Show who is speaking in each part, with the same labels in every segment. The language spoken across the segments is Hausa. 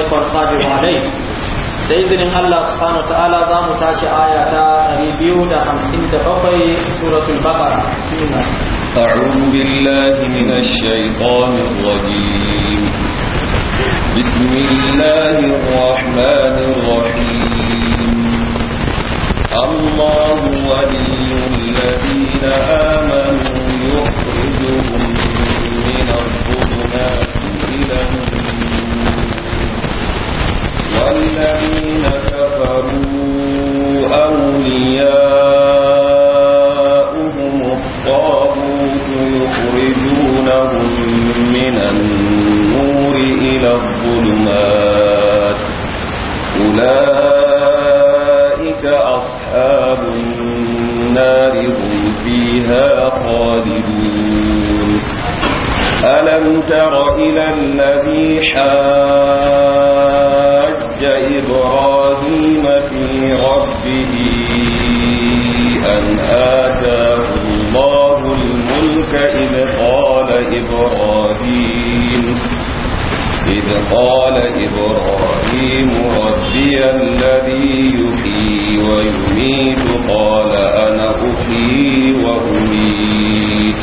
Speaker 1: خالق القادر عليه بإذن الله سبحانه وتعالى ضام تاشي آية ربيو دا خمسين تفقي سورة البقرة
Speaker 2: أعوذ بالله من الشيطان الرجيم بسم الله الرحمن الرحيم الله ولي الذين آمنوا الذين كفروا أولياؤهم الطاغوت يخرجونهم من النور إلى الظلمات أولئك أصحاب النار هم فيها خالدون ألم تر إلى الذي حاج قال إبراهيم ربي الذي يحيي ويميت قال أنا أحيي وأميت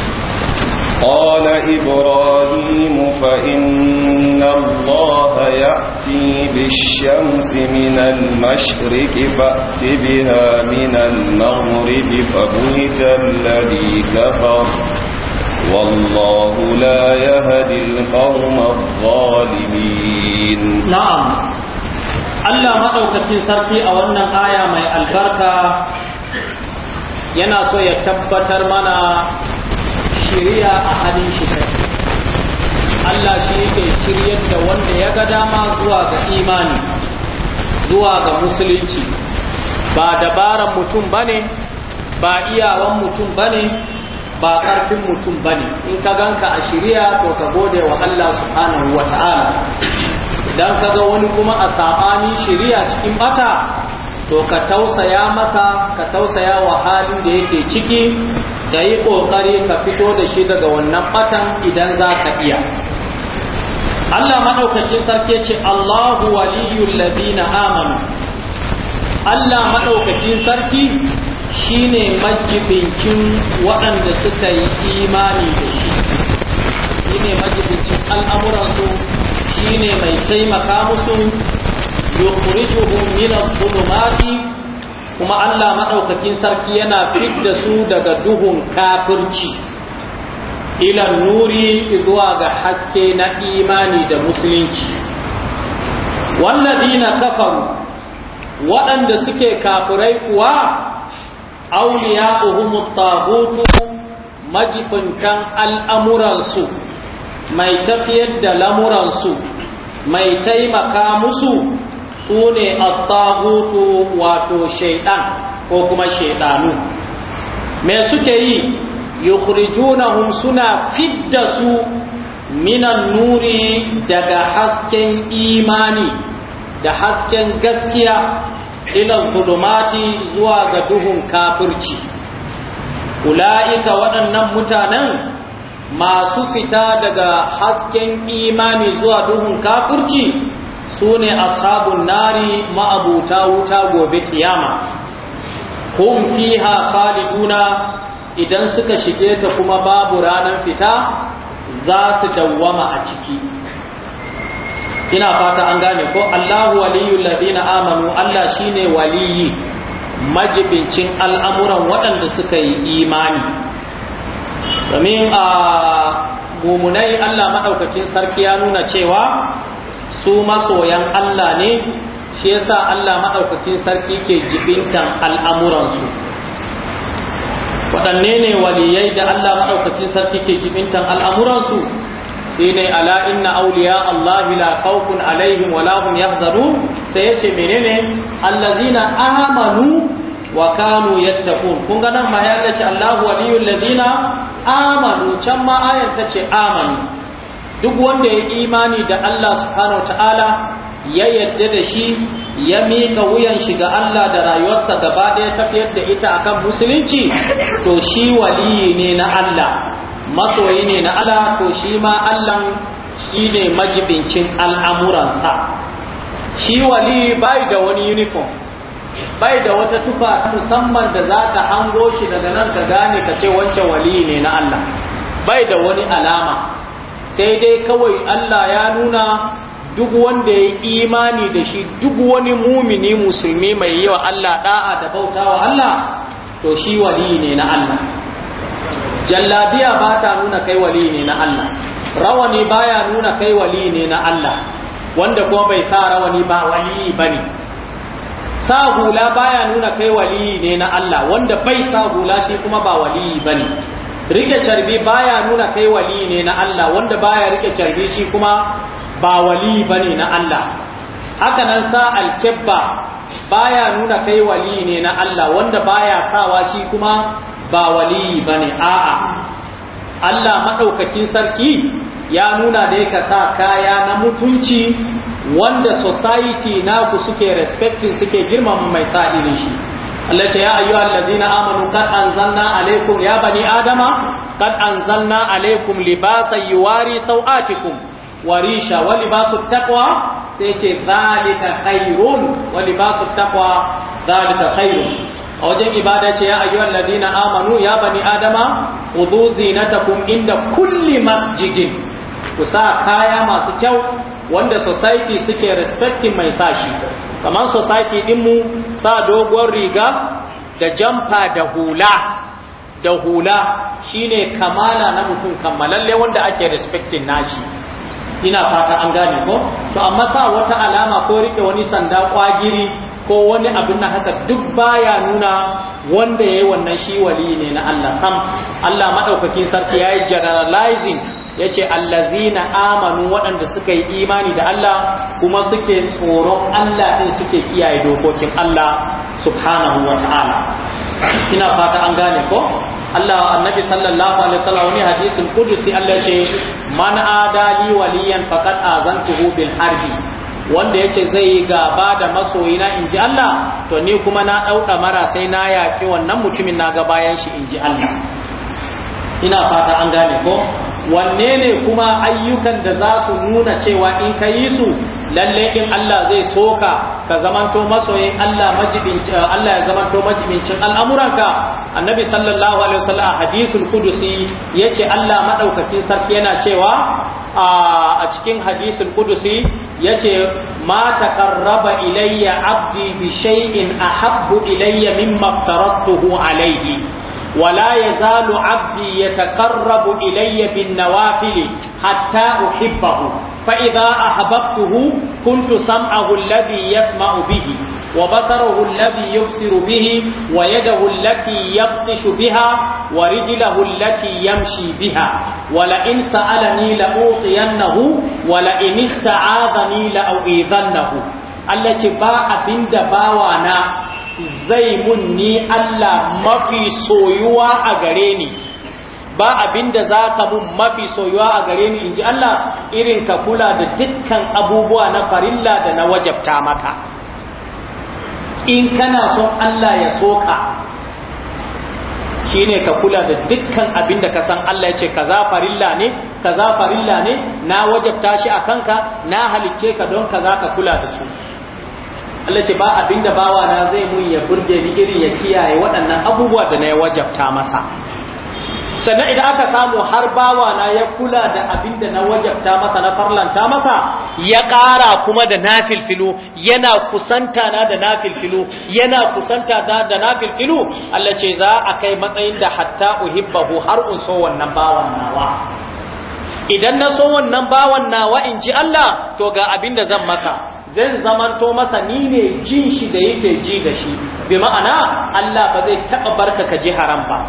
Speaker 2: قال إبراهيم فإن الله يأتي بالشمس من المشرق فأت بها من المغرب فبهت الذي كفر والله لا يهدي القوم الظالمين
Speaker 1: نعم الله مدوكتين سركي a wannan aya mai albarka yana so ya tabbatar mana shirya a halin shi Allah shi yake shiryar da wanda ya ga dama zuwa ga imani zuwa ga musulunci ba dabaran mutum bane ba iyawan mutum bane ba ƙarfin mutum ba ne in ka gan ka a shirya to ka gode wa Allah subhanahu wa ta'ala idan ka ga wani kuma a saɓanin shirya cikin bata to ka tausaya masa ka tausaya wa halin da yake ciki da yi ƙoƙari ka fito da shi daga wannan batan idan za ka iya Allah maɗaukakin sarki ce Allahu waliyul ladina amanu Allah maɗaukakin sarki ne majibincin waɗanda suka yi imani da shi ne majibincin al'amuransu shine mai taimaka musu yukhrijuhum min adh kuma Allah maɗaukakin sarki yana da su daga duhun kafirci ilan nuri zuwa ga haske na imani da musulunci Wannan dina kafan waɗanda suke kafirai kuwa awliya'uhum at-taghut al'amuran al'amuransu mai tafiyar da lamuransu mai taimaka musu su ne attahutu wato shaidan ko kuma shaidanu me suke yi yukhrijunahum suna fidda su minan nuri daga hasken imani da hasken gaskiya ilan zulumati zuwa ga duhun kafirci ula'ika waɗannan mutanen masu fita daga hasken imani zuwa duhun kafirci sune ne ashabun nari ma'abuta wuta gobe kiyama Kun fiha khaliduna idan suka shige ta kuma babu ranar fita za su dawwama a ciki Kina fata an gane ko Allahu waliyul ladina amanu Allah shine waliyi majibincin al'amuran waɗanda suka yi imani domin a mumunai Allah maɗaukakin sarki ya nuna cewa su masoyan Allah ne shi yasa Allah maɗaukakin sarki ke jibintan al'amuransu waɗanne ne waliyai da Allah maɗaukakin sarki ke jibintan al'amuransu shine ala inna awliya Allah la khawfun alaihim wa lahum yahzarun sai yace menene allazina amanu wa kanu yattaqun kun ga nan ma ya ce Allahu waliyul ladina amanu can ma ayar ta ce amanu duk wanda ya imani da Allah subhanahu ta'ala ya yadda da shi ya mika wuyan shi ga Allah da rayuwarsa gaba ɗaya tafiyar da ita akan musulunci to shi waliyi ne na Allah masoyi ne na Allah ko shi ma Allah shi ne majibincin al'amuransa shi wali bai da wani uniform bai da wata tufa ta musamman da za ta hango shi daga nan ka gane ka ce wancan wali ne na Allah bai da wani alama sai dai kawai Allah ya nuna duk wanda ya imani da shi duk wani mumini musulmi mai yawa Allah da'a da bautawa Allah to shi wali ne na Allah jallabiya ba ta nuna kai wali ne na Allah rawani baya nuna kai wali ne na Allah wanda kuma bai sa rawani ba wali bane sa hula baya nuna kai wali ne na Allah wanda bai sa hula shi kuma ba wali bane rike carbi baya nuna kai wali ne na Allah wanda baya rike carbi shi kuma ba wali bane na Allah haka nan sa alkebba baya nuna kai wali ne na Allah wanda baya sawa shi kuma ba waliyi ba ne a'a Allah maɗaukakin sarki ya nuna da ka sa kaya na mutunci wanda society naku suke respecting suke girmama mai sa irin shi Allah ce ya ayyuha allazina amanu kad anzalna alaikum ya bani adama kad anzalna alaikum libasan yuwari sau'atikum warisha wa libasu taqwa sai ce zalika khairun wa libasu taqwa zalika khairun a wajen ibada ce ya ayyuhan ladina amanu ya bani adama khudhu zinatakum inda kulli masjidin ku sa kaya masu kyau wanda society suke respecting mai sa shi kamar society din mu sa dogon riga da jamfa da hula da hula shine kamala na mutum kammalalle wanda ake respecting nashi ina fata an gane ko to amma sa wata alama ko rike wani sanda kwagiri ko wani abin na haka duk baya nuna wanda ya yi wannan shi wali ne na Allah sam Allah maɗaukakin sarki ya yi generalizing ya ce allazina amanu waɗanda suka yi imani da Allah kuma suke tsoron Allah ɗin suke kiyaye dokokin Allah subhanahu wa ta'ala kina fata an gane ko Allah annabi sallallahu alaihi wasallam wani hadisin kudusi Allah ce man adali waliyan faqad azantuhu bil harbi wanda yace zai yi gaba da masoyina inji Allah to ni kuma na ɗauka mara sai na yaƙi wannan mutumin na ga bayan shi inji Allah ina fata an gane ko wanne ne kuma ayyukan da za su nuna cewa in ka yi su lalle in Allah zai soka ka zamanto masoyin Allah majibin Allah ya zamanto majibincin al'amuranka annabi sallallahu alaihi wasallam a hadisul qudusi yace Allah madaukakin sarki yana cewa a cikin hadisin kudusi ya ce ma taqarraba ilayya abdi bi shay'in ahabbu ilayya mimma aftaradtuhu alayhi wala ya yazalu abdi ya takarrabu ilayya bin nawafil hatta uhibbahu fa idha ahbabtuhu kuntu sam'ahu alladhi yasma'u bihi وبصره الذي يبصر به ويده التي يبطش بها ورجله التي يمشي بها ولئن سألني لأوطينه ولئن استعاذني لأغيظنه التي باء بند باوانا zai mun ni Allah mafi soyuwa a gare ni ba abinda za ka mun mafi soyuwa a gare ni in ji Allah irin ka kula da dukkan abubuwa na farilla da na wajabta maka in kana son Allah ya soka shine ka kula da dukkan abin da ka san Allah ya ce kaza farilla ne kaza farilla ne na wajabta shi a kanka na halicce ka don kaza ka kula da su Allah ce ba abin da bawa na zai mun ya burge ni irin ya kiyaye waɗannan abubuwa da na ya wajabta masa sannan idan aka samu har bawa na ya kula da abin da na wajabta masa na farlanta masa ya ƙara kuma da nafilfilu yana kusanta na da nafilfilu yana kusanta na da nafilfilu Allah ce za a kai matsayin da hatta uhibbahu har un so wannan bawan nawa idan na so wannan bawan nawa in ji Allah to ga abin da zan maka zan zamanto masa ni ne jin shi da yake ji da shi bi ma'ana Allah ba zai taɓa barka ka ji haram ba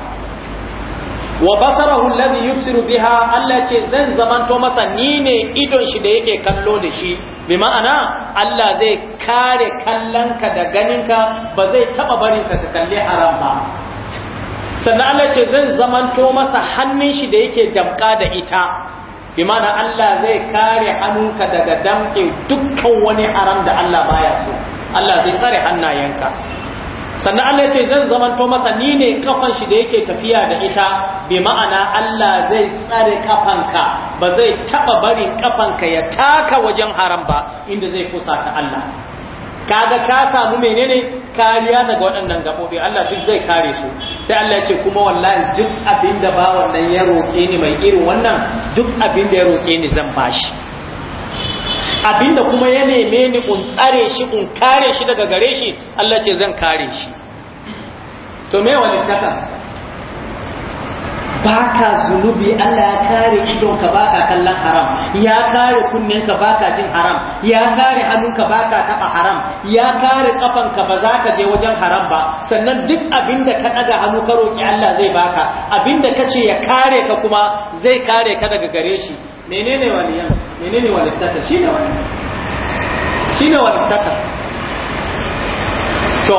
Speaker 1: wa basarahu allazi yubsiru biha Allah ce zan zamanto masa ni ne idon shi da yake kallo da shi bi ma'ana Allah zai kare kallonka da ganinka ba zai taba barin ka kalli haram ba sannan Allah ce zan zamanto masa hannun shi da yake damka da ita bi ma'ana Allah zai kare hannunka daga damke dukkan wani haram da Allah baya so Allah zai tsare hannayenka sannan Allah ya ce zan zamanto masa ni ne kafan shi da yake tafiya da ita bi ma'ana Allah zai tsare kafan ka ba zai taba barin ka ya taka wajen haram ba inda zai kusa ta Allah kaga ka samu menene kariya daga waɗannan gabobi Allah duk zai kare su sai Allah ya ce kuma wallahi duk abinda ba wannan ya roke ni mai irin wannan duk abinda ya roke ni zan bashi abinda kuma ya neme ni in tsare shi in kare shi daga gare shi Allah ce zan kare shi to me wani
Speaker 3: ba ka zunubi
Speaker 4: Allah
Speaker 1: ya kare idonka ka baka kallon haram ya kare kunnen ka baka jin haram ya kare hannunka ba ka taɓa haram ya kare ƙafanka ba za ka je wajen haram ba sannan duk abinda ka ɗaga hannu ka roki Allah zai baka Abin da ka ce ya kare ka kuma zai kare ka daga gare shi menene waliyan menene walittaka shine waliyan shine walittaka to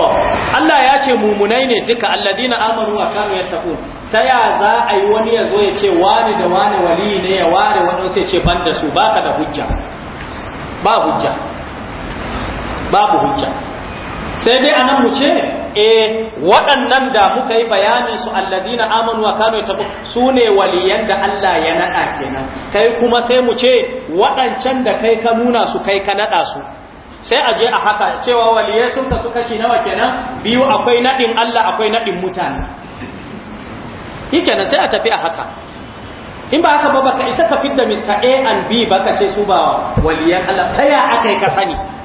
Speaker 1: Allah ya ce mumunai ne duka alladina amaru wa kanu yattaqun ta ya za a yi wani ya zo ya ce wani da wani wali ne ya ware wani sai ce ban da su baka da hujja ba hujja babu hujja sai dai anan mu ce eh waɗannan da muka yi bayanin su alladina amanu wa kanu yatabu sune waliyan da Allah ya nada kenan kai kuma sai mu ce waɗancan da kai ka nuna su kai ka nada su sai a je a haka cewa waliyai sun ka su kashi nawa kenan biyu akwai nadin Allah akwai nadin mutane kenan sai a tafi a haka in ba haka ba baka isa ka da Mr A and B baka ce su ba waliyan Allah taya akai ka sani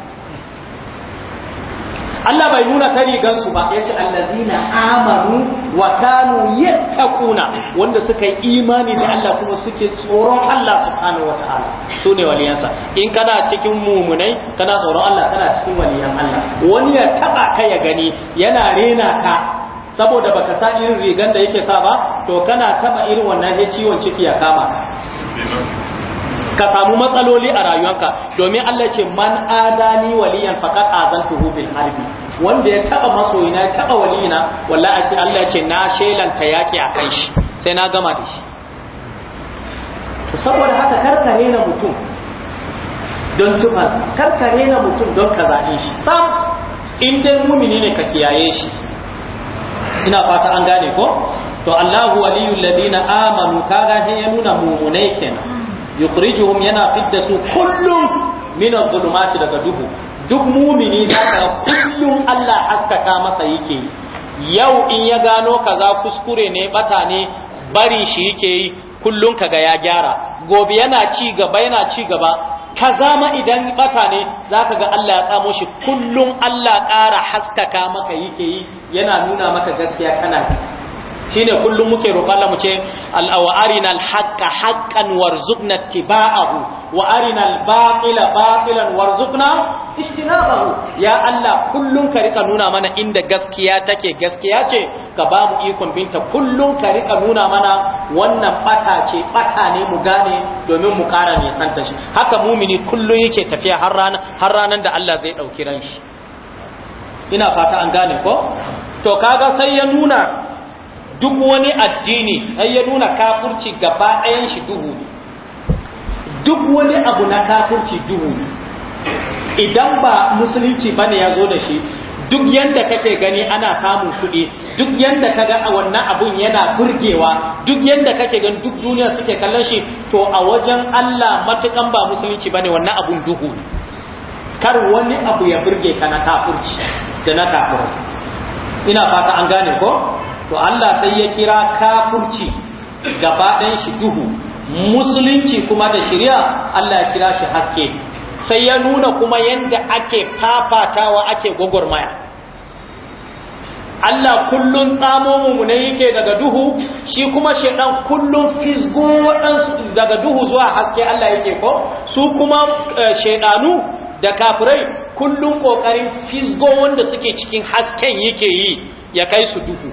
Speaker 1: Allah bai nuna ta rigansu ba ya ce allazina amanu wa kanu yattaquna wanda suka yi imani da Allah kuma suke tsoron Allah subhanahu wataala su ne waliyansa in kana cikin mumunai kana tsoron Allah kana cikin waliyan Allah wani ya taba ka ya gani yana rena ka saboda baka sa irin rigan da yake sa ba to kana taba irin wannan ya ciwon ciki ya kama ka samu matsaloli a rayuwanka domin Allah ce man adani waliyan faqat azantuhu bil harbi wanda ya taba masoyina ya taba waliyina wallahi Allah ce na shelanta yaki a kai shi sai na gama da shi to saboda haka karkare na mutum don tufas karkare na mutum don kazaɗin shi sam in dai mumini ne ka kiyaye shi ina fata an gane ko to Allahu waliyul ladina amanu kaga hayyuna ya nuna mumunai kenan yukhrijuhum yana fidda su kullum min adh-dhulumati daga duhu duk mumini zaka kullum Allah haskaka masa yake yau in ya gano kaza kuskure ne bata ne bari shi yake yi kullum kaga ya gyara gobe yana ci gaba yana ci gaba kaza ma idan bata ne zaka ga Allah ya tsamo shi kullum Allah ƙara haskaka maka yake yi yana nuna maka gaskiya kana shine kullum muke roƙon Allah mu ce al awarina al haqqa haqqan warzuqna ittiba'ahu wa al batila batilan warzuqna ijtinabahu ya Allah kullum ka rika nuna mana inda gaskiya take gaskiya ce ka ba mu ikon binta kullum ka rika nuna mana wannan fata ce fata ne mu gane domin mu kara ne santa shi haka mumini kullum yake tafiya har ranan har ranan da Allah zai dauki ran shi ina fata an gane ko to kaga sai ya nuna duk wani addini ai ya nuna kafurci gaba ɗayan shi duhu duk wani abu na kafurci duhu idan ba musulunci bane ya zo da shi duk yanda kake gani ana samun kuɗi duk yanda ka ga wannan abun yana burgewa duk yadda kake gani duk duniya suke kallon shi to a wajen Allah matukan ba musulunci bane wannan abun duhu kar wani abu ya burge ka na kafurci da na kafur ina fata an gane ko to Allah sai ya kira kafurci gaba shi duhu musulunci kuma da shirya Allah ya kira shi haske sai ya nuna kuma yadda ake fafatawa ake gwagwarmaya Allah kullum tsamo mu ne yake daga duhu shi kuma shedan kullum fisgo waɗansu daga duhu zuwa haske Allah yake ko su kuma eh, shedanu da kafirai kullum ƙoƙarin fisgo wanda suke cikin hasken yake yi ya kai su duhu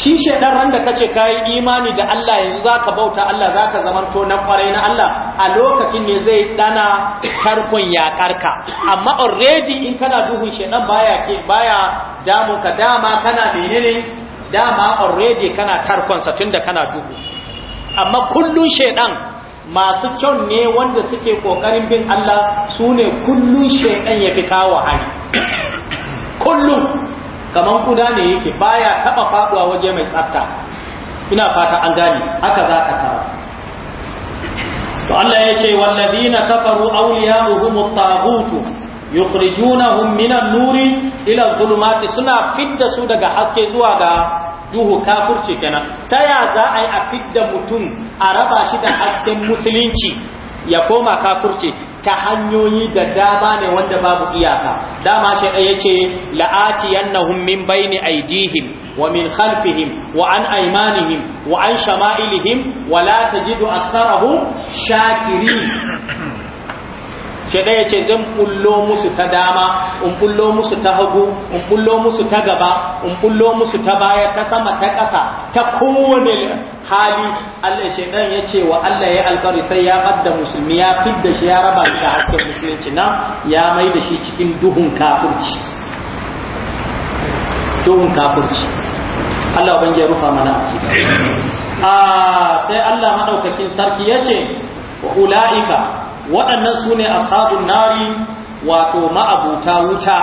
Speaker 1: shi shaidan ran da kace kai imani da Allah yanzu zaka bauta Allah zaka zamanto na kwarai na Allah a lokacin ne zai dana tarkon yakarka amma already in kana duhun shaidan baya ke baya damu ka dama kana menene dama already kana tarkon sa tunda kana duhu amma kullun shaidan masu kyau ne wanda suke kokarin bin Allah sune kullun ya fi kawo hali kullun kamar kuda ne yake baya taba faduwa waje mai tsafta ina fata an gani, haka za ka tara to Allah ya ce wallazina kafaru awliya'uhum at-taghut yukhrijunahum minan nuri ila dhulumati suna fidda su daga haske zuwa ga duhu kafirci kenan ta ya za a yi a fidda mutum a raba shi da hasken musulunci ya koma kafirci ta hanyoyi da dama ne wanda babu iyaka dama shi ɗaya ce la'atiyannahum min baini aidihim wa min khalfihim wa an aymanihim wa an shama'ilihim wa la tajidu aktharahum shakirin shi ya ce zan bullo musu ta dama in bullo musu ta hagu in bullo musu ta gaba in bullo musu ta baya ta sama ta ƙasa ta kowane hali Allah shaidan ya ce wa Allah ya alkari sai ya ɓadda musulmi ya fidda shi ya raba shi da hasken musulunci na ya mai da shi cikin duhun kafirci duhun kafirci Allah ban ya rufa mana a ah, sai Allah madaukakin sarki ya ce wa ula'ika waɗannan su ne ashabun nari wato ma'abuta wuta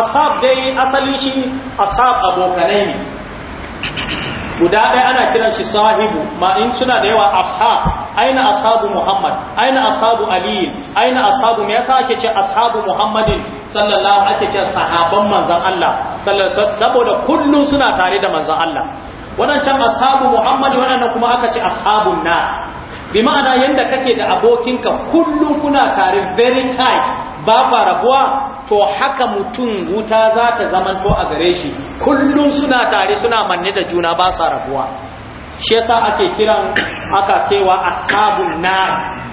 Speaker 1: asab dai asalin shi asab abokanai ne guda ɗaya ana kiran shi sahibu ma in suna da yawa ashab aina ashabu muhammad aina ashabu Aliyu, aina ashabu me yasa ake ce ashabu muhammadin sallallahu ake ce sahaban manzon Allah sallallahu saboda kullun suna tare da manzon Allah wadancan ashabu muhammad wadannan kuma aka ce ashabun na bi ma'ana yanda kake da abokinka kullum kuna tare very tight ba ba rabuwa to haka mutum wuta za ta zamanto a gare shi kullum suna tare suna manne da juna ba sa rabuwa shi yasa ake kiran aka cewa ashabun na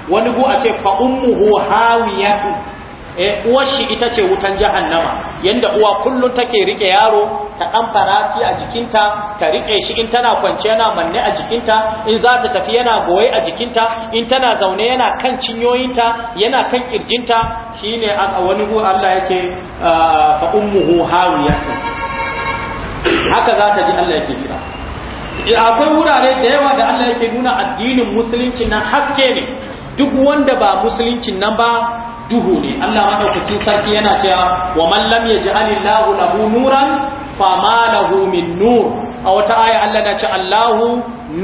Speaker 1: wani gu a ce fa ummuhu hawiyatu eh uwar shi ita ce wutan jahannama yanda uwa kullun take rike yaro ta dan farati a jikinta ta rike shi in tana kwance yana manne a jikinta in za ta tafi yana goye a jikinta in tana zaune yana kan cinyoyinta yana kan kirjinta shine a wani hu Allah yake fa ummuhu hawiyatu haka za ta ji Allah yake kira akwai wurare da yawa da Allah yake nuna addinin musulunci nan haske ne duk wanda ba musulunci nan ba duhu ne Allah madaukakin sarki yana cewa wa man lam yaj'alillahu lahu nuran fama lahu min nur a wata aya Allah na ce Allahu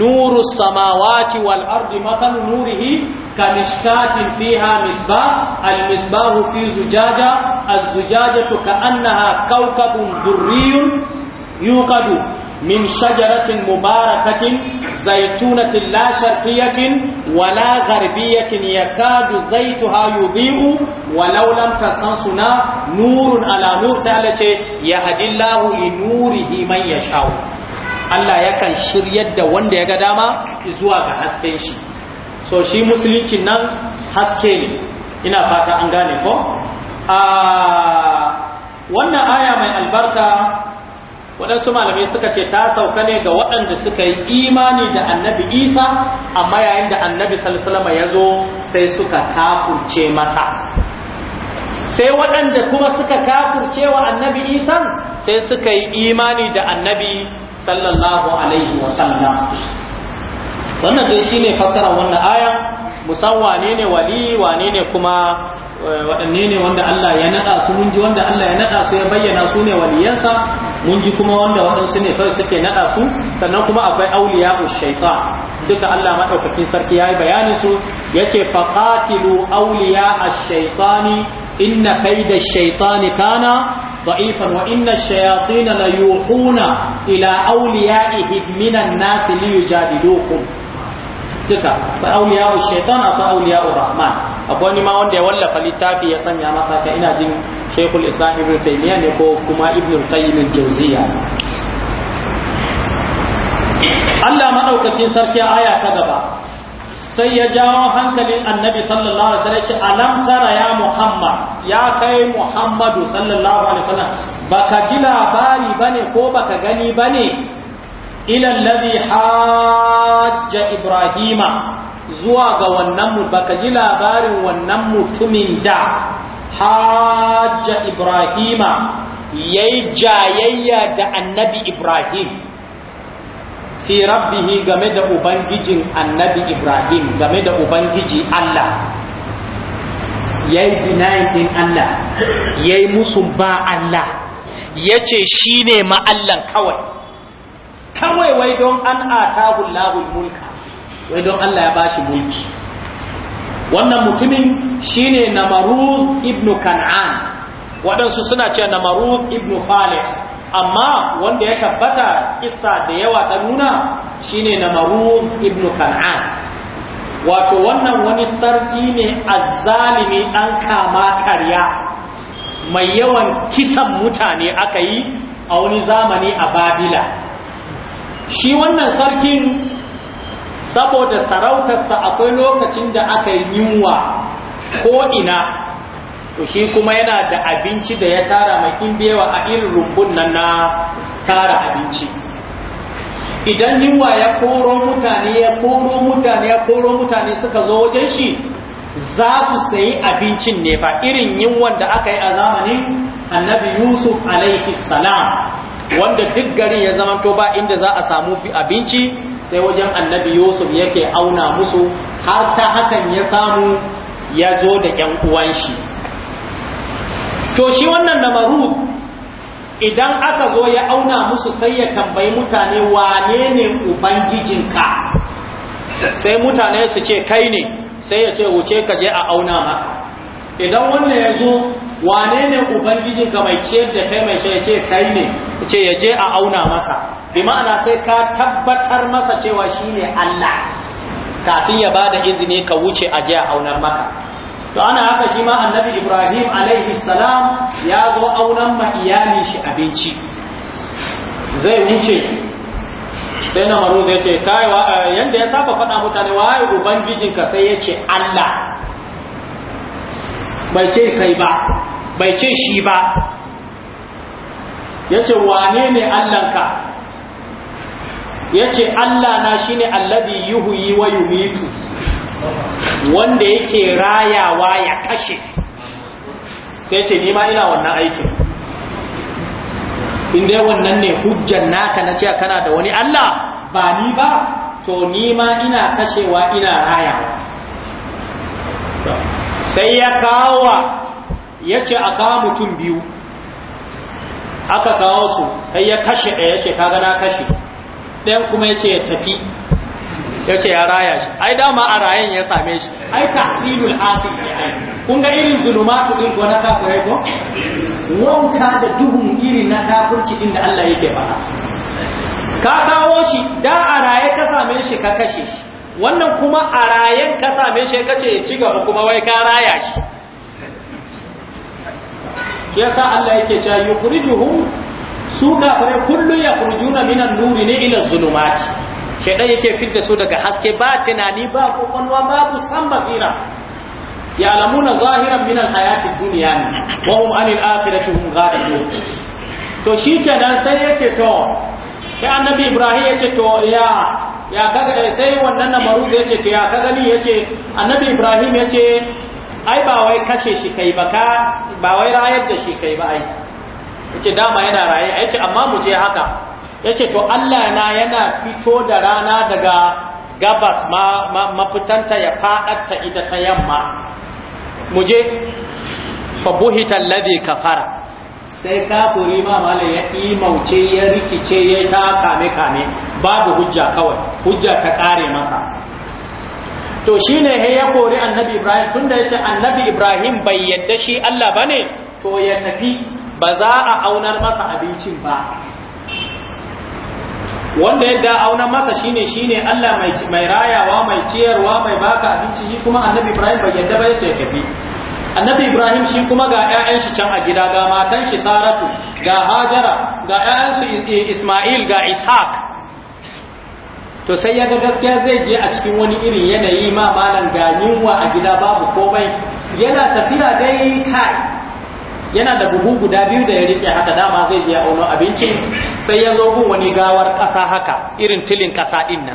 Speaker 1: nuru samawati wal ardi matalu nurihi ka mishkatin fiha misbah al misbahu fi zujaja az zujajatu ka annaha kawkabun durriyun yuqadu min shajaratin mubarakatin zaitunatin la sharqiyatin wala gharbiyatin yakadu zaituha yudhi'u biyu, lam tasansuna nurin ala nur sai Allah ce yahdillahu li nurihi man yasha'u Allah yakan shiryar da wanda ya ga dama zuwa ga hasken shi so shi musulunci nan haske ne ina fata an gane ko wannan aya mai albarka waɗansu malamai suka ce ta sauka ne ga waɗanda suka yi imani da annabi isa amma yayin da annabi salama ya zo sai suka kafurce masa sai waɗanda kuma suka kafurce wa annabi Isa, sai suka yi imani da annabi sallallahu alaihi
Speaker 3: wasallam
Speaker 1: wannan dai shine fassara wannan aya musan wane ne wali wane ne kuma waɗanne ne wanda Allah ya naɗa su mun ji wanda Allah ya naɗa su ya bayyana su ne waliyansa mun ji kuma wanda waɗansu ne kawai suke naɗa su sannan kuma akwai auliya shaita. duka Allah maɗaukakin sarki ya yi bayanin su ya ce faƙatilu auliya shaitani inna da shaitani kana ضعيفا وإن الشياطين ليوحون إلى أوليائهم من الناس ليجادلوكم duka fa awliya'u shaitan fa awliya'u rahman akwai ni ma wanda ya wallafa littafi ya sanya masa ka ina jin shaykhul islam ibn taymiya ne ko kuma ibn qayyim al-jawziya Allah madaukakin sarki aya ta gaba sai ya jawo hankalin annabi sallallahu alaihi wasallam ce alam tara ya muhammad ya kai muhammadu sallallahu alaihi wasallam baka ji labari bane ko baka gani bane ila allazi hajja ibrahima zuwa ga wannan mu baka ji labarin wannan mutumin da hajja ibrahima yayi jayayya da annabi ibrahim fi rabbihi game da ubangijin annabi ibrahim game da ubangiji allah yayi denying din allah yayi musu ba allah yace shi ne allah kawai kawai wai don an atahu lahul mulka wai don Allah ya bashi mulki wannan mutumin shi ne shine namarud ibnu kan'an waɗansu suna ce namarud ibnu khalid amma wanda ya tabbata kisa da yawa ta nuna shi ne na namarud ibnu kan'an wato wannan wani sarki ne zalimi ɗan kama karya mai yawan kisan mutane aka yi a wani zamani a babila shi wannan sarkin saboda sarautarsa akwai lokacin da aka yi yunwa ko ina to shi kuma yana da abinci da ya tara makin a irin rumbun nan na tara abinci idan yunwa ya koro mutane ya koro mutane ya koro mutane suka zo wajen shi za su sayi abincin ne fa irin yunwan da aka yi a zamanin annabi yusuf alaihi salam wanda duk garin ya zama to ba inda za a samu abinci sai wajen annabi yusuf yake auna musu har ta hakan ya samu ya zo da ‘yan uwan shi to shi wannan namaru idan aka zo ya auna musu sai ya tambayi mutane wane ne ka, sai mutane su ce kai ne sai ya ce wuce ka je a auna ma. idan wannan ya zo wane ne ubangijin ka mai ciyar da kai mai shi ya ce kai ne ce ya je a auna masa bi ma'ana sai ka tabbatar masa cewa shine Allah kafin ya bada izini ka wuce a je a aunar maka to ana haka shi ma annabi ibrahim alaihi salam ya zo aunan ma iyali shi abinci zai wuce sai na maru zai ce kai yanda ya saba faɗa mutane waye ubangijinka sai ya ce allah bai ce kai ba bai ce shi ba ya ce wane ne allanka ya ce allana shi ne allabi yuhuyi wa yumitu wanda yake rayawa ya kashe sai ce nima ina wannan aikin inda wannan ne hujjan naka na cewa kana da wani allah ba ni ba to nima ina kashewa ina rayawa sai ya kawo ya ce a kawo mutum biyu aka kawo su sai ya kashe ɗaya ya ce kaga na kashe ɗayan kuma ya ce ya tafi ya ce ya raya shi ai dama a rayan ya same shi ai tafsilul asir ne ai kun ga irin zulumatu din ko na kafirai ko wanka da duhun irin na kafurci din da Allah yake fara ka kawo shi da a raye ka same shi ka kashe shi wannan kuma a rayen ka same shi kace ci gaba kuma wai ka raya shi shi yasa Allah yake cewa yukhrijuhum su kafare kullu yakhrujuna minan nuri ne ila zulumati shedan yake fitta su daga haske ba tunani ba kokonwa babu san basira ya'lamuna zahiran min al dunya wa hum 'anil akhirati hum ghafilun to shikenan sai yake to sai annabi ibrahim yace to ya ya kaga eh, sai wannan na maru ya ce ya kaga ni ya ce annabi ibrahim ya ce ai ba wai kashe shi kai ba ka ba wai rayar da shi kai ba ai yace dama yana raye ai ce amma mu je haka yace to Allah na yana fito da rana daga gabas ma mafitanta ya ta ita ta yamma mu je fa buhita alladhi kafara sai kafuri ma mala ya mauce ya rikice ya ta kame kame babu hujja kawai hujja ta kare masa to shine he ya kori annabi ibrahim tun tunda ce annabi ibrahim bai yadda shi Allah bane to ya tafi ba za a aunar masa abincin ba wanda yadda auna masa shi shine Allah mai rayawa mai ciyarwa mai baka abinci shi kuma annabi Ibrahim bai yadda ba yace tafi annabi ibrahim shi kuma ga 'ya'yan can a gida ga matan shi saratu ga hajara ga yayansu isma'il ga ishaq to sai ya ga gaskiya zai je a cikin wani irin yanayi ma malam ga a gida babu komai yana tafiya dai kai yana da buhu guda biyu da ya rike haka dama zai je ya auno abinci sai ya zo gun wani gawar ƙasa haka irin tilin ƙasa ɗin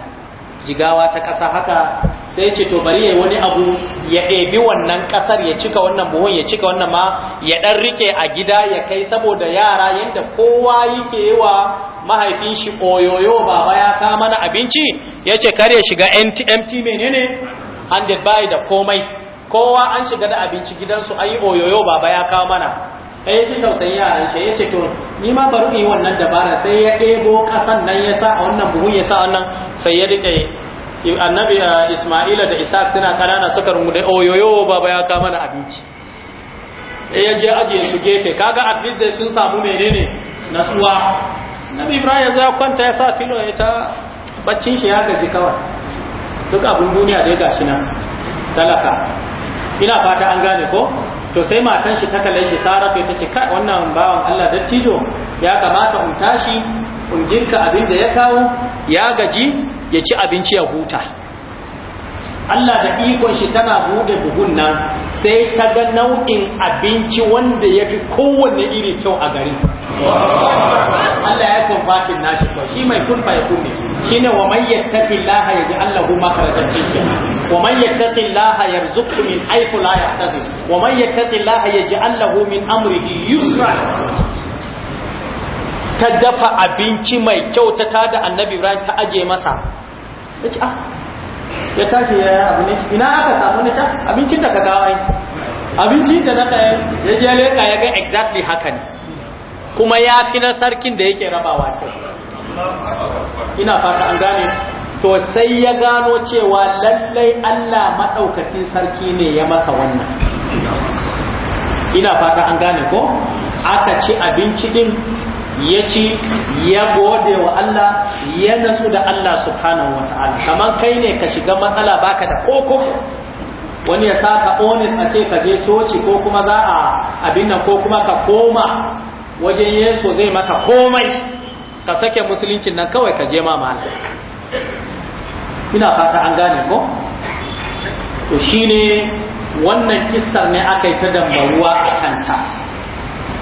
Speaker 1: jigawa ta ƙasa haka sai ce to bari yayi wani abu ya ɗebi wannan kasar ya cika wannan buhun ya cika wannan ma ya ɗan rike a gida ya kai saboda yara yanda kowa yake yiwa mahaifin shi oyoyo baba ya ka mana abinci yace ce kare shiga mt menene handed by da komai kowa an shiga da abinci gidansu an yi oyoyo baba ya kawo mana ɗaya ji tausayin yaran shi ya to ni ma bari yi wannan dabara sai ya ɗebo ƙasan nan ya sa a wannan buhun ya sa wannan sai ya rike annabi uh, Isma'ila da Isaac suna kanana suka da oyoyo oh, baba ya kama na abinci sai ya je ajiye su gefe kaga at least dai sun samu menene nasuwa? nabi Ibrahim ya kwanta ya sa filo ya ta baccin shi ya gaji kawai duk abun duniya dai gashi nan talaka ina fata an gane ko to sai matan shi ta kalle shi sara ta ce kai wannan bawan Allah dattijo ya kamata in tashi in girka abin da ya kawo ya gaji ya ci abinci ya huta Allah da ikon shi tana buɗe buhun nan sai ta ga nau'in abinci wanda ya fi kowanne iri kyau a gari Allah ya kumbatin nashi kwa shi mai kunfa ya kume shi ne wa man yattaki laha ya ji Allah kuma karatar fiye wa man yattaki laha ya zuku min aiku la ya tafi wa man yattaki laha ya ji Allah min amri yusra ta dafa abinci mai kyau ta tada annabi Ibrahim ta aje masa ya ce ah ya tashi ya abu ne ina aka samu ne can abincin da ka ai. abincin da na kayan ya je leka ya ga exactly haka ne kuma ya fi na sarkin da yake rabawa kyau ina fata an gane to sai ya gano cewa lallai Allah madaukakin sarki ne ya masa wannan ina fata an gane ko aka ci abinci din ya ci ya gode wa Allah ya nasu da Allah subhanahu wa ta'ala kamar kai ne ka shiga matsala baka da koko wani ya ka onis a ce ka je coci ko kuma za a abin nan ko kuma ka koma wajen yeso zai maka komai ka sake musuluncin nan kawai ka je ma malam ina fata an gane ko to shine wannan kissar ne aka yi ta dambaruwa a kanta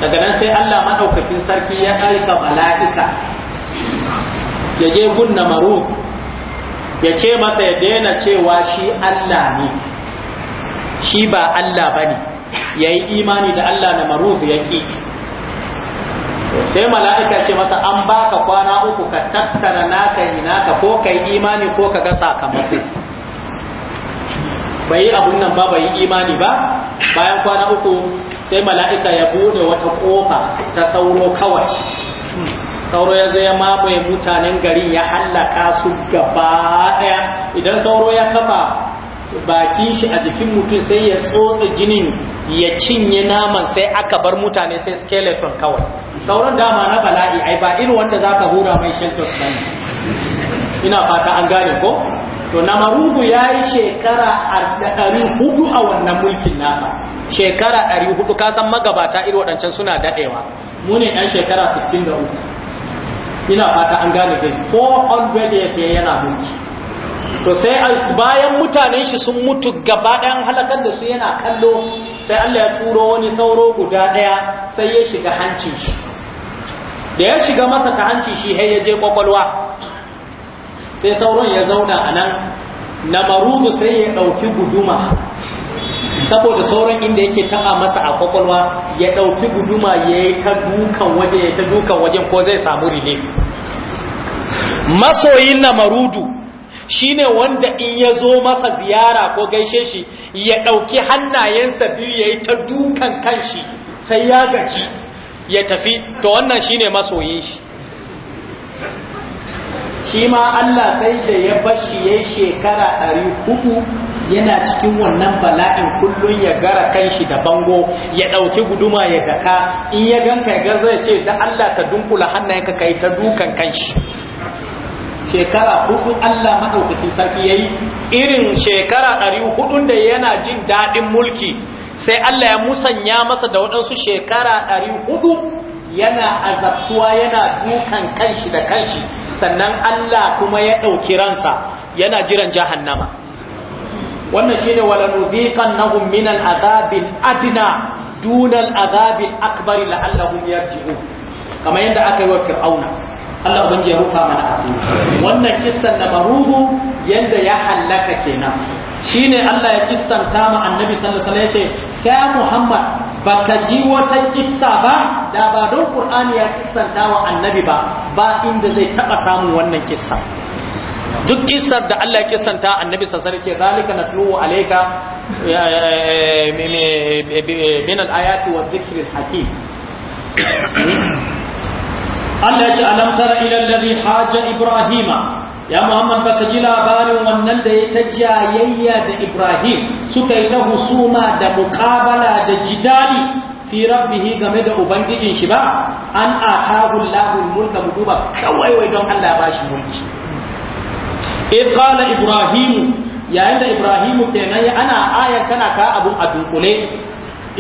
Speaker 1: daga nan sai Allah maɗaukakin sarki ya aika mala'ika ya je gunna maru ya ce masa ya daina cewa shi Allah ne shi ba Allah ba ne ya yi imani da Allah na maru ya ke. sai mala'ika ce masa an baka kwana uku ka tattara naka yi naka ko ka yi imani ko ka ga sakamako bai yi abun nan ba bai yi imani ba bayan kwana uku sai mala'ika ya bude wata ƙofa ta sauro kawai sauro ya zai mamaye mutanen gari ya hallaka su gaba daya idan sauro ya kafa bakin shi a jikin mutum sai ya tsotsa jinin ya cinye naman sai aka bar mutane sai skeleton kawai sauran dama na bala'i ai ba irin wanda za ka hura mai shelter ina fata an gane ko to namarudu ya yi shekara ɗari hudu a wannan mulkin nasa shekara ɗari hudu kasan magabata iri waɗancan suna daɗewa mu ne ɗan shekara 63 ina fata an gane dai 400 years ya yana mulki to sai bayan mutanen shi sun mutu gaba ɗayan halakar da su yana kallo sai Allah ya turo wani sauro guda ɗaya sai ya shiga hancin shi da ya shiga masa ta hanci shi ya je kwakwalwa sai sauron ya zauna a nan na marubu sai ya ɗauki guduma saboda sauran inda yake taɓa masa a kwakwalwa ya ɗauki guduma ya yi ta dukan waje ya ta dukan wajen ko zai samu rile masoyin na marudu shine wanda in ya zo masa ziyara ko gaishe shi ya ɗauki hannayensa biyu ya yi ta dukan kanshi sai ya gaji ya tafi to wannan shine masoyin shi shi ma Allah sai da ya bashi yayi shekara ɗari hudu yana cikin wannan bala'in kullum ya gara kanshi da bango ya ɗauki guduma ya daka in ya ganka ya garza ya ce da Allah ka dunkula hannayenka kai ta dukan kanshi shekara hudu Allah maɗaukakin sarki ya yi irin shekara ɗari hudun da yana jin daɗin mulki sai Allah ya musanya masa da waɗansu shekara ɗari hudu yana azabtuwa yana dukan kanshi da kanshi sannan Allah kuma ya ɗauki ransa yana jiran jahannama wannan shine walanubiqannahum min al'adabil adna duna al'adabil akbar la'allahum yarji'un kamar yadda aka yi wa fir'auna Allah ubangiji ya rufa mana asiri wannan kissan na maruhu yadda ya hallaka kenan shine Allah ya kissanta ma annabi sallallahu alaihi wasallam yace ya Muhammad baka ji wata kissa ba da ba don Qur'ani ya kissanta wa annabi ba ba inda zai taba samu wannan kissa duk kissar da Allah ya kissanta annabi sallallahu alaihi wasallam zalika natluhu alayka min al-ayati wa dhikril hakim Allah ya ce alam tara ila alladhi haja ibrahima ya muhammad baka ji labarin wannan da ya ta jayayya da ibrahim suka yi ta husuma da muƙabala da jidali fi rabbihi game da ubangijin shi ba an atahu lahul mulka muduba kawai wai don allah ba shi mulki إذ قال yayin da Ibrahimu kenan ana ayar tana ka abu a dunkule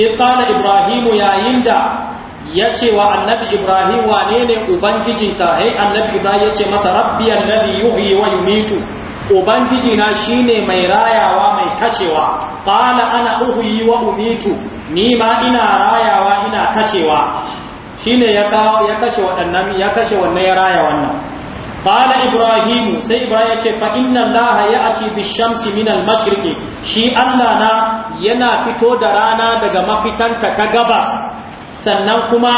Speaker 1: in Ibrahimu yayin da ya ce wa annabi ibrahim wane ne ubangijinka hai annabi ibrahim ya ce masa rabbi annabi yuhi wa yumitu ubangijina shine mai rayawa mai kashewa qala ana uhi wa umitu ni ma ina rayawa ina kashewa shine ya kawo ya kashe wadannan ya kashe wannan ya raya wannan qala ibrahim sai ibrahim ya ce fa inna allaha ya'ti bi shamsi min al-mashriqi shi allah na yana fito da rana daga mafitanka ta gabas sannan kuma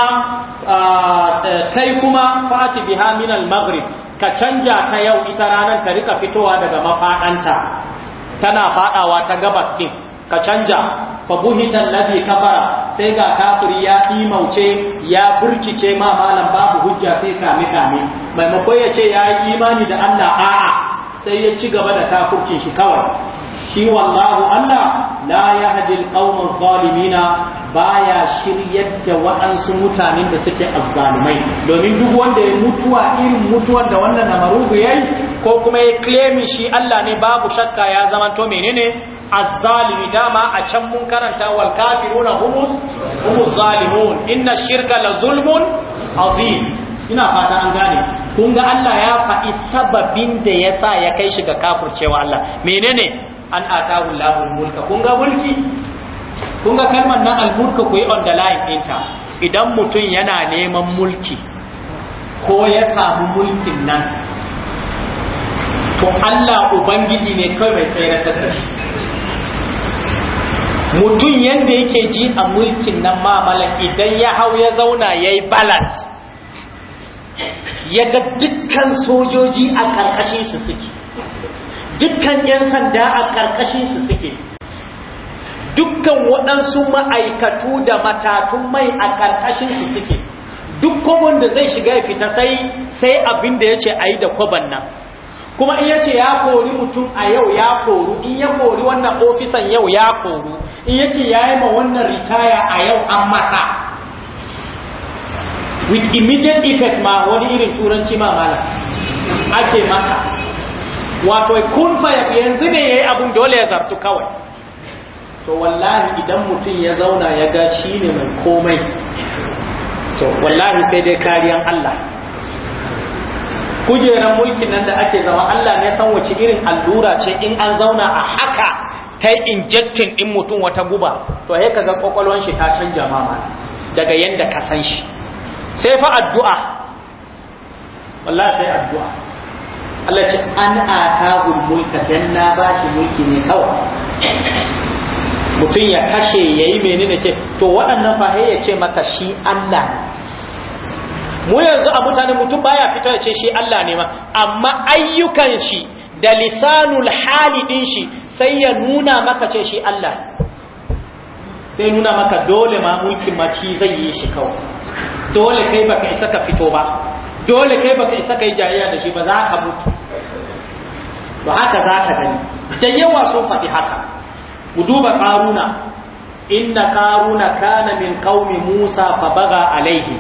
Speaker 1: kai kuma fati biha min al-maghrib ka canja ta yau ita ranar ka rika fitowa daga mafaɗanta tana faɗawa ta gabas din ka canja fa buhitan ladhi kafara sai ga kafiri ya imauce ya burkice ma malam babu hujja sai kame kame maimakon ya ce ya yi imani da Allah a'a sai ya ci gaba da kafurkin shi kawai shi wallahu Allah la yahdi alqawmal zalimina baya shiryar da waɗansu mutanen da suke azzalumai domin duk wanda ya mutuwa irin mutuwar da wannan namarugu yayi ko kuma ya claim shi Allah ne babu shakka ya zama to menene azzalimi dama a can mun karanta wal kafiruna humus humus zalimun inna shirka la zulmun azim ina fata an gane kun ga Allah ya faɗi sababin da yasa ya kai shi ga kafircewa Allah menene an atahu Allahul mulka kun ga mulki kun ga kalmar nan al-mulka ku yi underline ɗinta idan mutum yana neman mulki ko ya samu mulkin nan to Allah ubangiji ne kai mai tsayar da mutum yadda yake ji a mulkin nan mamala idan ya hau ya zauna ya yi balance ya ga dukkan sojoji a karkashin su suke dukkan 'yan sanda a ƙarƙashin su suke dukkan waɗansu ma'aikatu da matatun mai a ƙarƙashin su suke duk kwabon da zai shiga ya fita sai sai abin da ya ce a yi da kwaban nan kuma in ya ce ya kori mutum a yau ya kori, in ya kori wannan ofisan yau ya koru in ya ce ya yi ma wannan ritaya a yau an masa with immediate effect ma wani irin turanci ma mala ake maka wato kun fa yanzu ne yayi abun dole ya zartu kawai to wallahi idan mutum ya zauna ya ga shine mai komai to wallahi sai dai kariyan Allah kujeran mulkin nan da ake zama Allah ne san wace irin allura ce in an zauna a haka ta injecting din mutum wata guba to sai kaga kwakwalwan shi ta canja mama daga yanda ka san shi sai fa addu'a wallahi sai addu'a Allah ce an aka mulka dan na bashi mulki ne kawai mutum ya kashe yayi menene ce to waɗannan fa ya ce maka shi Allah mu yanzu a mutane mutum baya fita ya ce shi Allah ne ma amma ayyukan shi da lisanul hali din shi sai ya nuna maka ce shi Allah sai nuna maka dole ma mulkin ma ci zai yi shi kawai dole kai baka isa ka fito ba dole kai baka isa kai jayayya da shi ba za ka mutu ba haka za ka gani da yawa sun faɗi haka ku duba ƙaruna inna ƙaruna kana min qaumi musa fa baga alaihi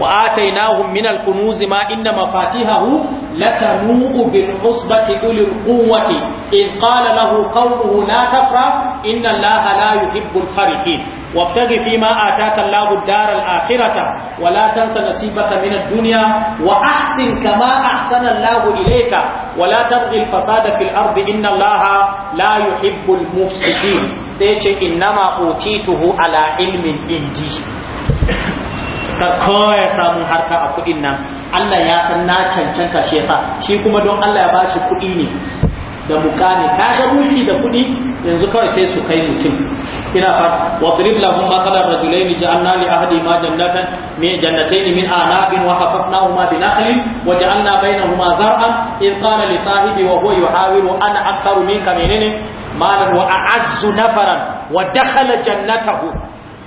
Speaker 1: wa atainahum min al-kunuz ma inna mafatihahu latanu'u bil usbati ulil quwwati in qala lahu qawluhu la tafra inna allaha la yuhibbul farihin وابتغ فيما آتاك الله الدار الآخرة ولا تنس نصيبك من الدنيا وأحسن كما أحسن الله إليك ولا تبغي الفساد في الأرض إن الله لا يحب المفسدين سيتش إنما أوتيته على علم عندي kawai samun harka a kuɗin nan Allah ya san na cancanta shi yasa shi kuma don Allah ya bashi kuɗi ne da mukami kaga mulki da kuɗi yanzu kawai sai su kai mutum ina fa wadrib lahum mathalan rajulayn ja'alna li ahadi ma jannatan min jannatayn min anabin wa hafafnahuma bi nakhlin wa ja'alna bainahuma zar'an in qala li sahibi wa huwa yuhawiru ana aktharu minka menene malan wa a'azzu nafaran wa dakhala jannatahu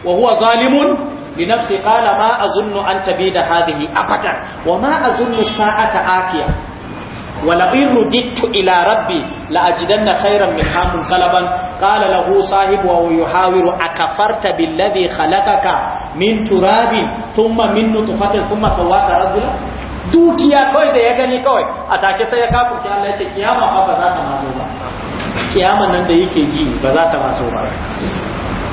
Speaker 1: wa huwa zalimun بنفسه قال ما أظن أن تبيد هذه أبدا وما أظن الساعة آتية ولئن رددت إلى ربي لأجدن خيرا منها منقلبا قال له صاحب وهو يحاور أكفرت بالذي خلقك من تراب ثم من نطفة ثم سواك رجلا dukiya kawai da ya gani kawai a take sai ya kafurce Allah ya ce kiyama ba za ta mazo ba kiyaman nan da yake ji ba za ta mazo ba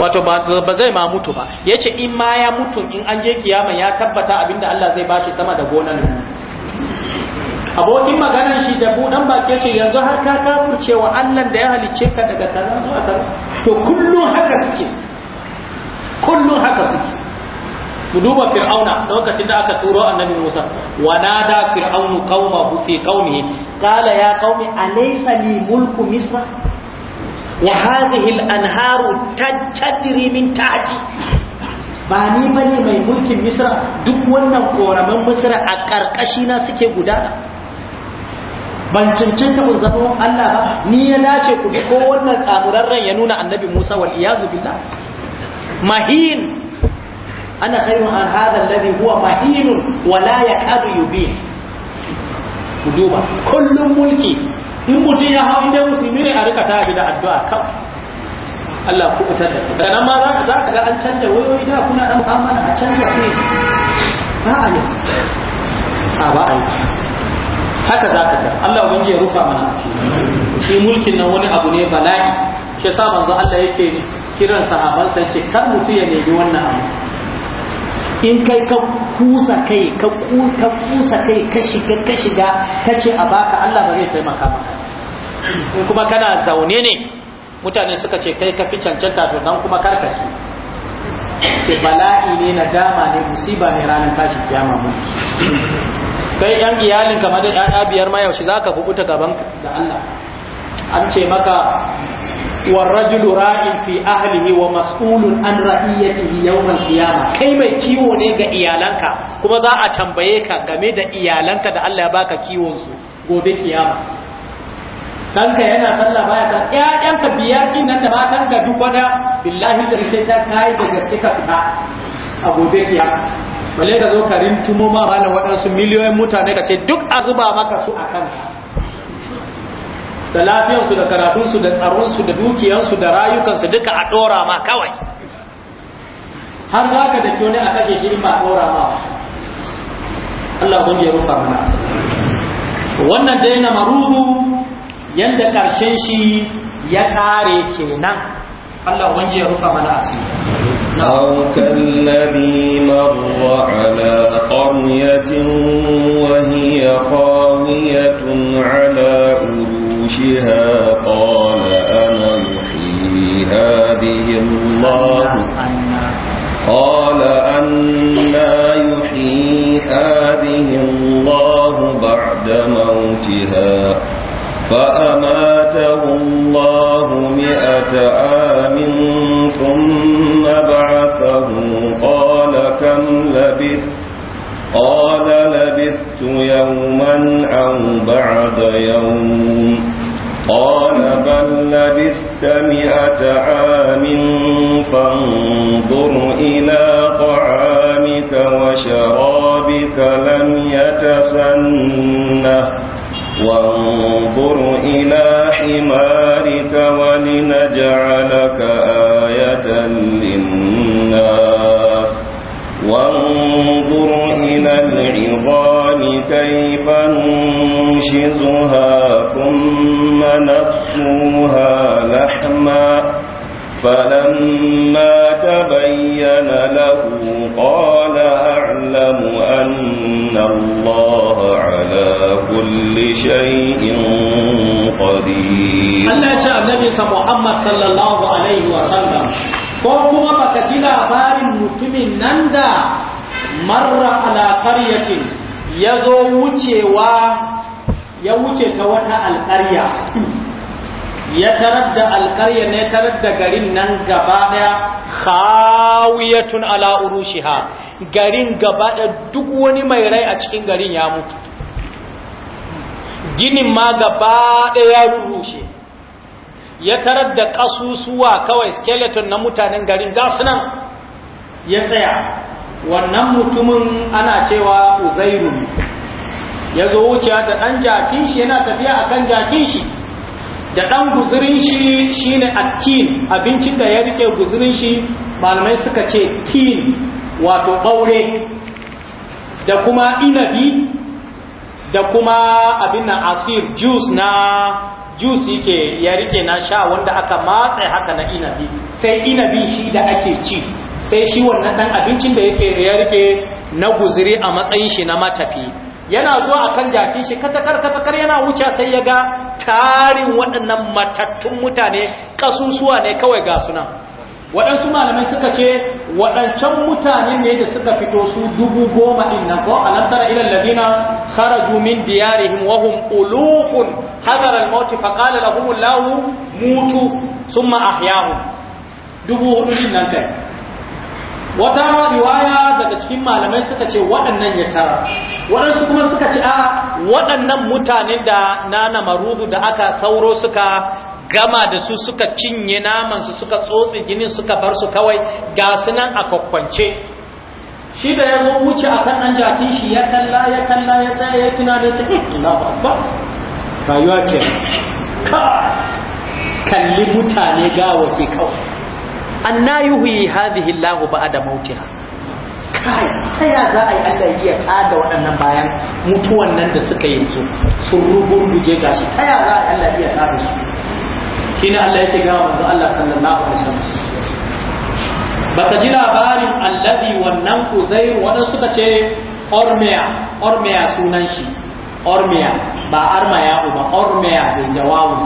Speaker 1: wato ba zai ma mutu ba yace in ma ya mutu in an je kiyama ya tabbata abinda Allah zai bashi sama da gonan abokin maganar shi da budan bake ce yanzu har ka kafurce wa Allah da ya halicce ka daga kaza zuwa ta to kullun haka suke kullun haka suke mu duba fir'auna lokacin da aka turo annabi Musa wa nada fir'aunu qaumahu fi qaumihi qala ya qaumi alaysa li mulku misra wa hadhihi al-anharu tajri ba ni bane mai mulkin misra duk wannan koraman misra a ƙarƙashi na suke guda? ban cancanta ku zama Allah ba ni ya dace ku bi ko wannan ran ya nuna annabi Musa wal iyazu billah mahin ana khairun an hadha alladhi huwa mahin wa la yaqadu yubin ku duba kullum mulki in mutum ya hau inda musulmi ne a rika ta gida addu'a kan. Allah ku fitar da su nan ma za ka ga an canja wayoyi da kuna dan amana a canja su ba a yi a ba a yi haka za ka ga Allah ubangi ya rufa mana asiri shi mulkin nan wani abu ne bala'i shi sa manzo Allah yake kiran sahabansa yace kan mutum ya nemi wannan abu in kai ka kusa kai ka kusa kai ka shiga ka shiga ka ce a baka Allah ba zai taimaka maka kuma kana zaune ne mutane suka ce kai ka fi cancanta to dan kuma karkace ke bala'i ne na dama ne musiba ne ranar tashi kiyama mun kai yan iyalin kamar da ɗan biyar ma yaushe zaka kubuta gaban da Allah an ce maka warrajulu ra'in fi ahlihi wa mas'ulun an ra'iyatihi yawmal qiyamah kai mai kiwo ne ga iyalanka kuma za a tambaye ka game da iyalanka da Allah ya baka kiwon su gobe kiyama danka yana sallah baya san ƴaƴanka biyar din nan da ga duk wanda. billahi da sai ta kai daga gaske fita a gobe kiyama balle ka zo ka rintumo ma ranar waɗansu miliyoyin mutane da ke duk a maka su a kanka da lafiyarsu, da karatunsu da tsaronsu da dukiyansu da rayukansu duka a ɗora ma kawai har za ka da kyoni a kashe shi in ba ɗora ma Allah kun yi rufa mana wannan dai na maruhu yadda ƙarshen shi ya kare kenan Allah kun yi rufa mana asiri
Speaker 2: أو كالذي مر على قرية وهي قاوية على أروها يمشيها قال أنا محيي هذه الله قال أنا يحيي هذه الله بعد موتها فأماته الله مئة عام ثم بعثه قال كم لبثت قال لبثت يوما أو بعد يوم قال بل لبثت مئة عام فانظر إلى طعامك وشرابك لم يتسنه وانظر إلى حمارك ولنجعلك آية للناس وانظر إلى العظام كيف ننظر ننشزها ثم نقصوها لحما فلما تبين له قال أعلم أن الله على كل شيء قدير الله تعالى
Speaker 1: النبي محمد صلى الله عليه وسلم ko kuma baka ji labarin mutumin nan da marra ala karyatin ya zo wucewa ya wuce ta wata alƙarya ya tarar da alƙarya ne tarar da garin nan gaba ɗaya khawiyatun ala urushiha garin gaba ɗaya duk wani mai rai a cikin garin ya mutu ginin ma gaba ɗaya ya rushe ya tarar da ƙasusuwa kawai skeleton na mutanen garin gasu nan ya tsaya wannan mutumin ana cewa uzairu ya zo wuciya da ɗan jakin shi yana tafiya a kan jakin shi da ɗan guzurin shi shi ne abincin da ya riƙe guzurin shi malamai suka ce tin wato ɓaure da kuma inabi da kuma abin nan asir juice na juice yake ya riƙe na sha wanda aka matsa haka na inabi sai inabi shi da ake ci sai shi wannan ɗan abincin da yake ya riƙe na guzuri a matsayin shi na matafi yana zuwa a kan jakin shi katakar katakar yana wuce sai ya ga tarin waɗannan matattun mutane ƙasusuwa ne kawai ga suna waɗansu malamai suka ce waɗancan mutane ne da suka fito su dubu goma ɗin nan ko alantara ilan ladina kharaju min diyarihim wa hum ulukun hadara al-maut fa qala lahum mutu summa ahyahum dubu hudu ɗin nan kai wata riwaya daga cikin malamai suka ce waɗannan ya tara waɗansu kuma suka ce a waɗannan mutane da nana marudu da aka sauro suka gama da su suka cinye namansu suka tsotse jini suka bar su kawai ga su nan a kwakwance shi da ya zo wuce a kan ɗan jakin shi ya kalla ya kalla ya tsaya ya tuna da ce hmm, rayuwa ke ka kalli mutane gawa ke kawai an na yuhuyi hadhihi Allahu ba'da mautiha kai ya za a yi Allah iya tada waɗannan bayan mutuwan nan da suka yanzu sun rugurguje gashi shi ya za a yi Allah iya tada su shine Allah yake ga manzo Allah sallallahu alaihi wasallam baka ji labarin allazi wannan kuzair wanda suka ce ormea ormea sunan shi ormea ba armaya ba ormea da jawawu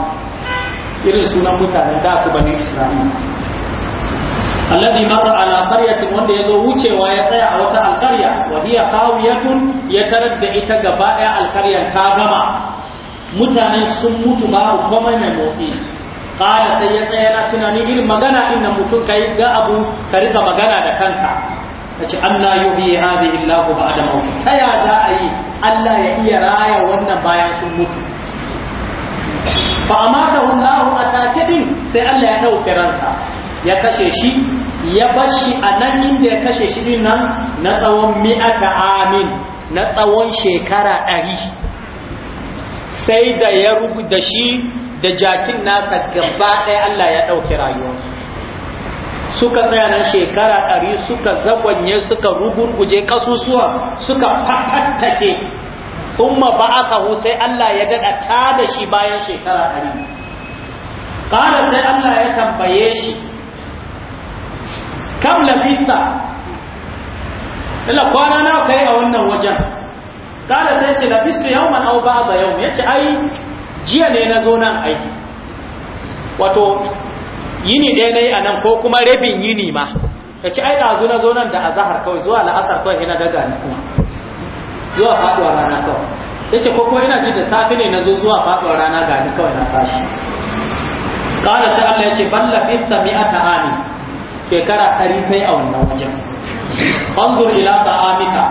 Speaker 1: irin sunan mutanen da su bane isra'ila alladhi mara ala qaryatin wanda yazo wucewa ya tsaya a wata alqarya wa hiya khawiyatun ya tarar da ita gaba daya alqaryar ta gama mutane sun mutu babu komai mai motsi qala sai ya tsaya na tunani irin magana din nan mutum kai ga abu ka rika magana da kanka kace anna yuhyi hadhihi Allahu ba'da mawti taya za a yi Allah ya iya raya wannan bayan sun mutu fa amatahu a atake din sai Allah ya dauke ransa ya kashe shi ya bashi a nan inda ya kashe shi din nan na tsawon mi'ata amin na tsawon shekara ɗari sai da ya da shi da jakin nasa gaba ɗaya Allah ya ɗauki rayuwarsu suka tsaya nan shekara ɗari suka zagwanye suka rugurguje kasusuwa suka fatattake umma ba aka sai Allah ya daɗa ta da shi bayan shekara ɗari ƙara sai Allah ya tambaye shi kam labista illa kwana nawa kai a wannan wajen kada sai ce labistu yawman aw ba'da yawm yace ai jiya ne na zo nan aiki wato yini ɗaya nayi a nan ko kuma rabin yini ma yace ai zo na zo nan da azhar kawai zuwa la'asar kawai ina daga ni kuma zuwa faɗuwar rana kawai yace ko kuma ina ji da safi ne na zo zuwa faɗuwar rana ga ni kawai na tashi kada sai Allah yace balla fitta mi'ata ani shekara ɗari kai a wannan wajen anzur ila amina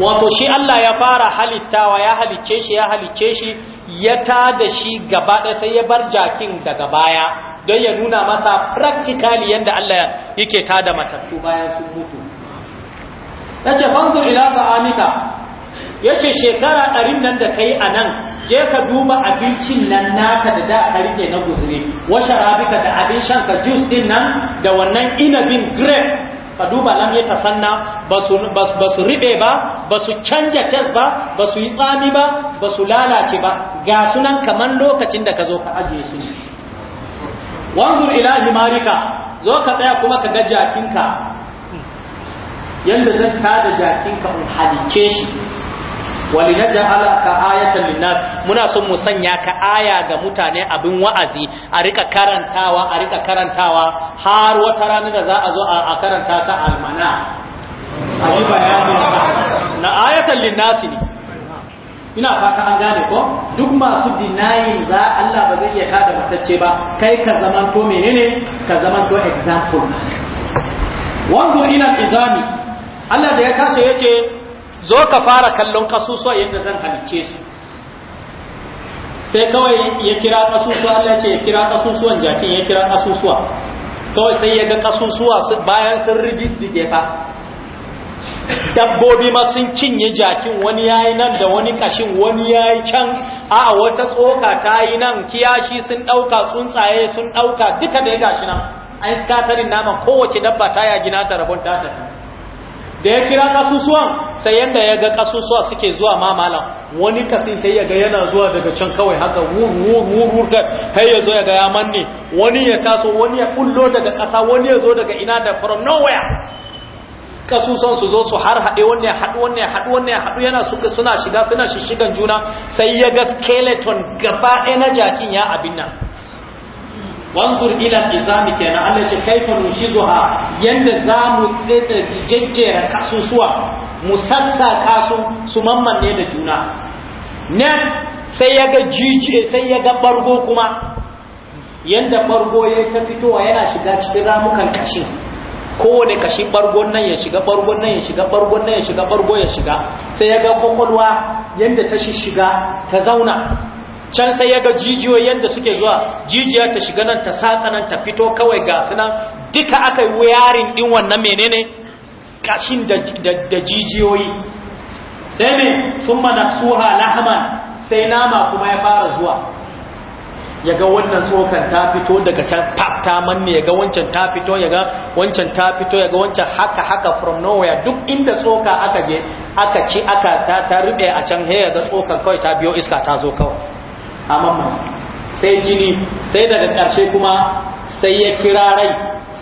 Speaker 1: wato shi Allah ya fara halittawa ya halicce shi ya halicce shi ya ta da shi gaba ɗaya sai ya bar jakin daga baya don ya nuna masa praktikali yadda Allah yake da matattu bayan sun mutu nace fanzur ila ya ce shekara ɗari nan da kai a nan je ka duba abincin nan naka da da ka rike na guzuri wa sharabika da abin shan ka juice din nan da wannan inabin grape ka duba lam ya tasanna ba su riɓe ba ba su canja tes ba ba su yi tsami ba ba su lalace ba ga sunan kamar lokacin da ka zo ka ajiye su wanzur ila himarika zo ka tsaya kuma ka ga jakinka yadda zan tada jakinka in halice shi walinaj'alaka ayatan linnas muna son mu sanya ka aya ga mutane abin wa'azi a rika karantawa a rika karantawa har wata rana da za a zo a karanta ta almana
Speaker 3: ayi bayani na
Speaker 1: ayatan linnas ne ina fata an gane ko duk masu dinayi za Allah ba zai iya kada matacce ba kai ka zamanto menene ka zamanto example wanzu ina izami Allah da ya kashe yace zo ka fara kallon kasusuwa yadda zan halicce su sai kawai ya kira kasusuwa Allah ce ya kira kasusuwan jakin ya kira kasusuwa kawai sai ya ga kasusuwa bayan sun rididdige fa dabbobi ma sun cinye jakin wani yayi nan da wani kashin wani yayi can a wata tsoka ta yi nan kiyashi sun ɗauka tsuntsaye sun ɗauka duka da ya gashi nan an skatarin naman kowace dabba ta yagina ta rabon ta da ya kira kasusuwan sai yadda ya ga kasusuwa suke zuwa ma malam wani kasin sai ya ga yana zuwa daga can kawai haka wur da har ya zo ya ga ya manne wani ya taso wani ya kullo daga kasa wani ya zo daga ina da from nowhere kasusuwan su zo su har haɗe wannan ya haɗu wannan ya haɗu wannan ya haɗu yana suka suna shiga suna shishigan juna sai ya ga skeleton gaba ɗaya na jakin ya abin nan wanzur ila izami kenan Allah ce kaifa nushizuha yanda zamu tsada jejjera kasusuwa musassa kasu su mammanne da juna net sai ya ga jiji sai ya ga bargo kuma yanda bargo ya ta fitowa yana shiga cikin ramukan kashi, kowane kashi bargon nan ya shiga bargon nan ya shiga bargon nan ya shiga bargo ya shiga sai ya ga kokolwa yanda ta shiga ta zauna can sai ya ga jijiyoyin da suke zuwa jijiyar ta shiga nan ta satsa nan ta fito kawai ga sunan duka aka yi wayarin din wannan menene kashin da jijiyoyi sai ne sun mana suha lahaman sai nama kuma ya fara zuwa ya ga wannan tsokan ta fito daga can ta manne ya ga wancan ta fito ya ga wancan ta fito ya ga wancan haka haka from nowhere duk inda tsoka aka je aka ci aka ta, ta rube a can he ya ga tsokan kawai ta biyo iska ta zo kawai a mamman sai jini sai daga ƙarshe kuma sai ya kira rai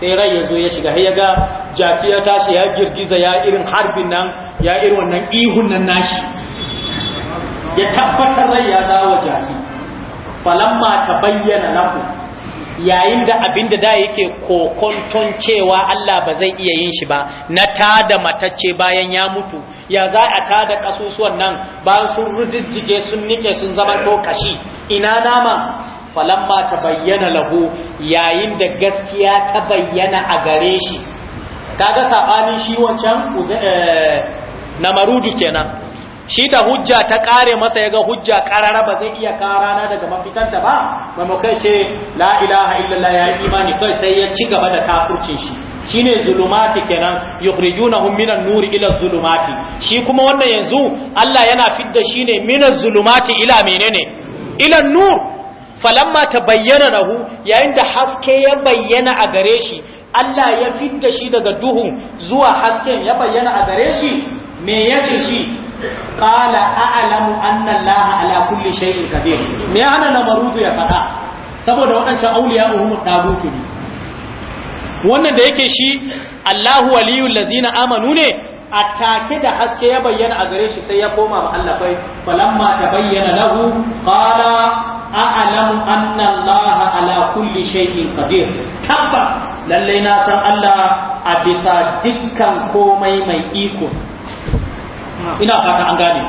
Speaker 1: sai rai ya zo ya shiga ya ga jaki ya tashi ya girgiza ya irin harbin nan ya irin wannan ihun nan
Speaker 3: nashi ya
Speaker 1: tabbatar rai ya dawo jaki falamma ta bayyana lahu yayin da abin da yake kokonton cewa Allah ba zai iya yin shi ba na tada matacce bayan ya mutu ya za a tada kasusuwan nan bayan sun rudiddige sun nike sun zama to kashi ina nama falamma ta bayyana lahu yayin da gaskiya ta bayyana a gare shi kaga sabanin shi wancan eh, namarudu kenan shi da hujja ta kare masa yaga hujja karara ba zai iya karana daga mafitanta ba kai ce la ilaha illallah ya imani kai sai ya ci gaba da kafurcin shi shine zulumati kenan yukhrijunahum minan nuri ila zulumati shi kuma wannan yanzu Allah yana fidda shi ne minan zulumati ila menene ila nur falamma tabayyana lahu yayin da haske ya bayyana a gare shi Allah ya fidda shi daga duhu zuwa hasken ya bayyana a gare shi me yace shi qala a'lamu anna Allah ala kulli shay'in qadir me ana na marudu ya faɗa? saboda wadancan auliya uhum dagutu ne wannan da yake shi Allahu waliyul lazina amanu ne a take da haske ya bayyana a gare shi sai ya koma ma Allah bai falamma tabayyana lahu qala a'lamu anna Allah ala kulli shay'in qadir tabbas lalle na san Allah a bisa
Speaker 3: dukkan
Speaker 1: komai mai iko ina fata an gane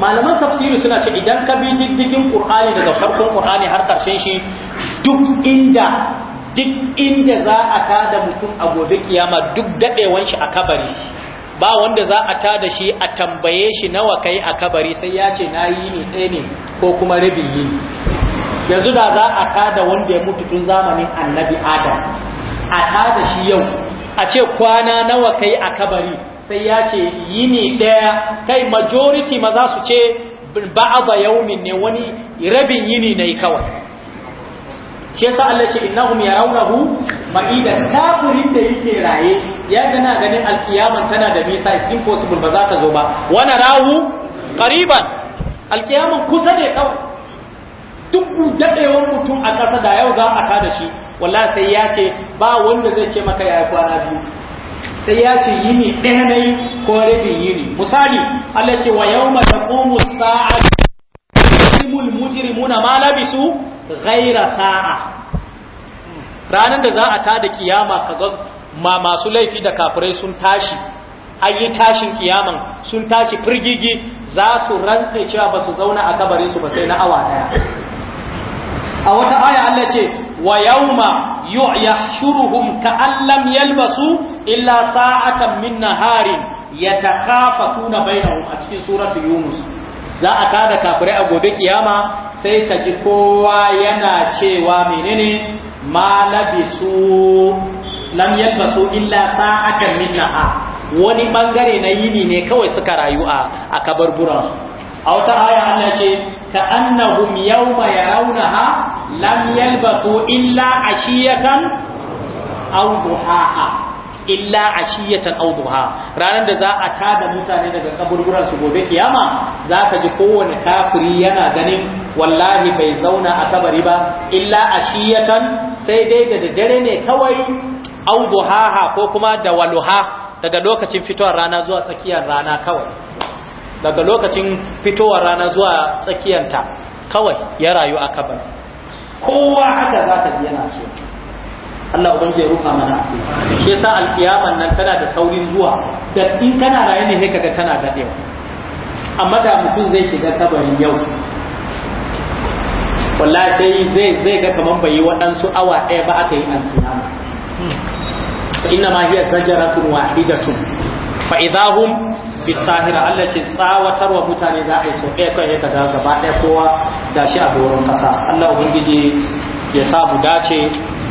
Speaker 1: malaman tafsiri suna ce idan ka bi diddigin qur'ani daga farkon qur'ani har karshen shi duk inda duk inda za a tada mutum a gobe kiyama duk dadewan shi a kabari ba wanda za a tada shi a tambaye shi nawa kai a kabari sai ya ce na yi ne ɗaya ne ko kuma rabin yi yanzu da za a tada wanda ya mutu tun zamanin annabi adam a tada shi yau a ce kwana nawa kai a kabari sai ya ce yini ɗaya kai majority ma za su ce ba'aba yaumin ne wani rabin yini ne kawai shi yasa Allah ce innahum yarawnahu ma'idan kafirin da yake raye ya gana ganin alkiyaman tana da nisa is impossible ba za ta zo ba wana rahu qariban alkiyaman kusa ne kawai duk daɗewar mutum a ƙasa da yau za a kada shi wallahi sai ya ce ba wanda zai ce maka ya kwana biyu sai ya ce yini ɗaya na yi ko rabin yini misali Allah ce wa yau ma taqumu sa'a yumul mujrimuna ma labisu ghaira sa'a ranar da za a tada kiyama kaga ma masu laifi da kafirai sun tashi an yi tashin kiyaman sun tashi firgigi za su rantse cewa ba su zauna a kabarin su ba sai na awa daya a wata aya Allah ce wa yawma yu'yahshuruhum ka'allam yalbasu illa sa'atan min naharin yatakhafatuna bainahum a cikin suratu yunus za a kada kafirai a gobe kiyama sai ka ji kowa yana cewa menene ma labisu lam yalbasu illa sa'atan min nahar wani bangare na yini ne kawai suka rayu a a su a wata aya Allah ce ka annahum yawma yarawnaha lam yalbathu illa ashiyatan aw
Speaker 3: duhaha
Speaker 1: illa ashiyatan shiyatan duha ranar da za a tada mutane daga kaburburan su gobe kiyama zaka ji kowane kafiri yana ganin wallahi bai zauna a kabari ba illa ashiyatan sai dai da daddare ne kawai aw ko kuma da waluha daga lokacin fitowar rana zuwa tsakiyar rana kawai daga lokacin fitowar rana zuwa tsakiyanta kawai ya rayu a kabari
Speaker 4: kowa haka za ta ji yana cewa
Speaker 1: Allah ubangiji ya rufa mana asiri shi yasa alkiyaman nan tana da saurin zuwa da in kana raye ne sai kaga tana dadewa amma da mutum zai shiga kabarin yau wallahi sai zai zai ga kaman bai yi waɗansu awa ɗaya ba aka yi alkiyama fa inna ma hiya zajaratun wahidatun fa idahum bisahira Allah ce tsawatarwa mutane za a yi sau ɗaya kawai ka gaba ɗaya kowa da shi a doron kasa Allah ubangiji ya sa mu dace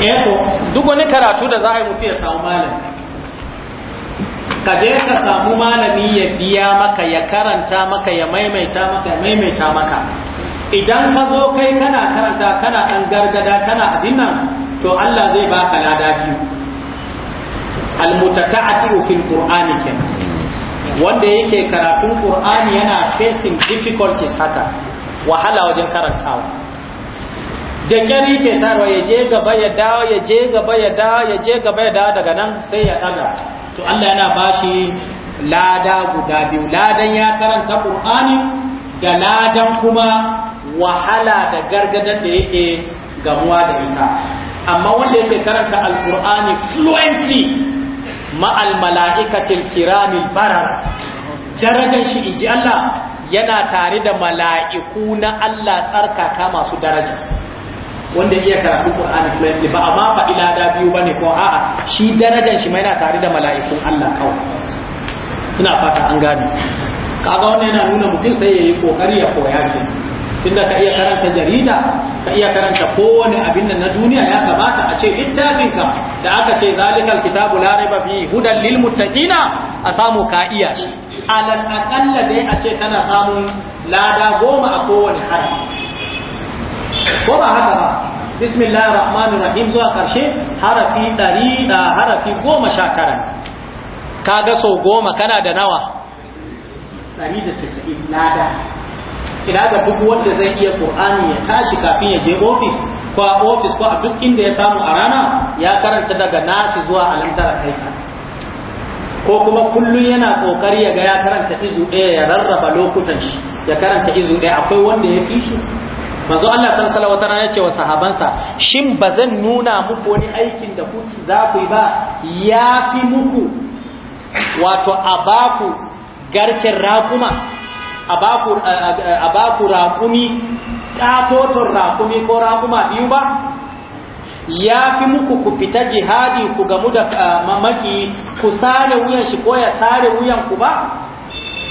Speaker 1: eh duk wani karatu da za a yi mutu ya samu malami ka je ka samu malami ya biya maka ya karanta maka ya maimaita maka ya maimaita maka idan ka zo kai kana karanta kana ɗan gargada kana abin nan to Allah zai baka lada biyu almutata'atu fil qur'ani kenan wanda yake karatun qur'ani yana facing difficulties haka wahala wajen karantawa da kyar yake tarwa ya je gaba ya dawo ya je gaba ya dawo ya je gaba ya dawo daga nan sai ya daga to Allah yana bashi lada guda biyu ladan ya karanta Qur'ani da ladan kuma wahala da gargadar da yake gamuwa da ita amma wanda yake karanta Al-Qur'ani fluently al mala'ikatil kiramil barar darajar shi inji Allah yana tare da mala'iku na Allah tsarkaka masu daraja wanda iya karatu Qur'ani fluently ba amma fa ilada biyu bane ko a'a shi darajar shi mai na tare da mala'ikun Allah kawai ina fata an gane kaga wannan yana nuna mutum sai yayi kokari ya koya shi tunda ka iya karanta jarida ka iya karanta kowane abin nan na duniya ya gabata a ce ka da aka ce zalikal kitabu la raiba fi hudan lil muttaqina a samu ka iya alal aqalla dai a ce kana samun lada goma a kowane harafi ko ba haka ba bismillahir rahmanir rahim zuwa karshe harafi ɗari da harafi goma sha ka kaga so goma kana da nawa ɗari da casa'in lada ina ga duk wanda zai iya qur'ani ya tashi kafin ya je ofis ko a ofis ko a duk inda ya samu a rana ya karanta daga nafi zuwa alantara kai ko kuma kullum yana kokari ya ga ya karanta izu ɗaya ya rarraba lokutan shi ya karanta izu ɗaya akwai wanda ya fi shi manzo Allah san salawa rana ce wa sahabansa shin ba zan nuna muku wani aikin da kuki za ku yi ba ya fi muku wato abaku garken rakuma abaku baku raƙumi ƙatoton raƙumi ko rakuma biyu ba ya fi muku ku fita jihadi ku gamu da mamaki ku sare wuyan shi ko ya sare wuyan ku ba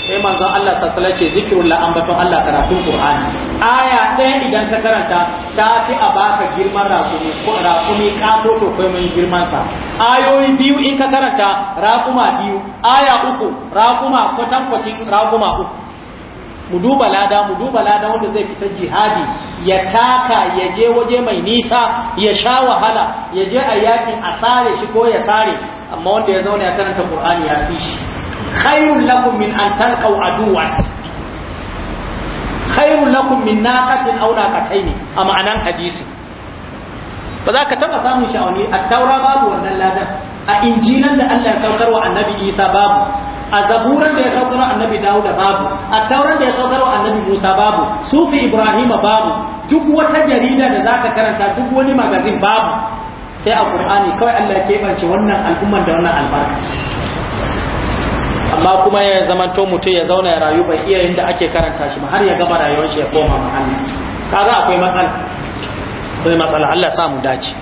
Speaker 1: sai manzon Allah sassala ce an bato Allah karatun Qur'ani aya ɗaya idan ta karanta ta fi a baka girman rakumi ko rakumi kato to kai mun girman sa ayoyi biyu in ka karanta rakuma biyu aya uku rakuma kwatankwacin rakuma uku mu duba lada mu duba lada wanda zai fita jihadi ya taka ya je waje mai nisa ya sha wahala ya je a yakin a sare shi ko ya sare amma wanda ya zauna ya karanta Qur'ani ya fi shi khairul lakum min an talqaw aduwan khairul lakum min naqatin aw naqataini a ma'anar hadisi ba za ka taba samun sha'ani a taura babu wannan ladan a injinan da Allah ya saukar wa annabi Isa babu a zaburan da ya saukar annabi Dawud babu a tauran da ya saukar annabi Musa babu sufi Ibrahim babu duk wata jarida da za ka karanta duk wani magazin babu sai a Qur'ani kawai Allah ya keɓance wannan al'umman da wannan albarka amma kuma ya zamanto mutum ya zauna ya rayu ba iya da ake karanta shi ba har ya gama rayuwar shi ya koma mahalli kaga akwai matsala akwai matsala Allah samu dace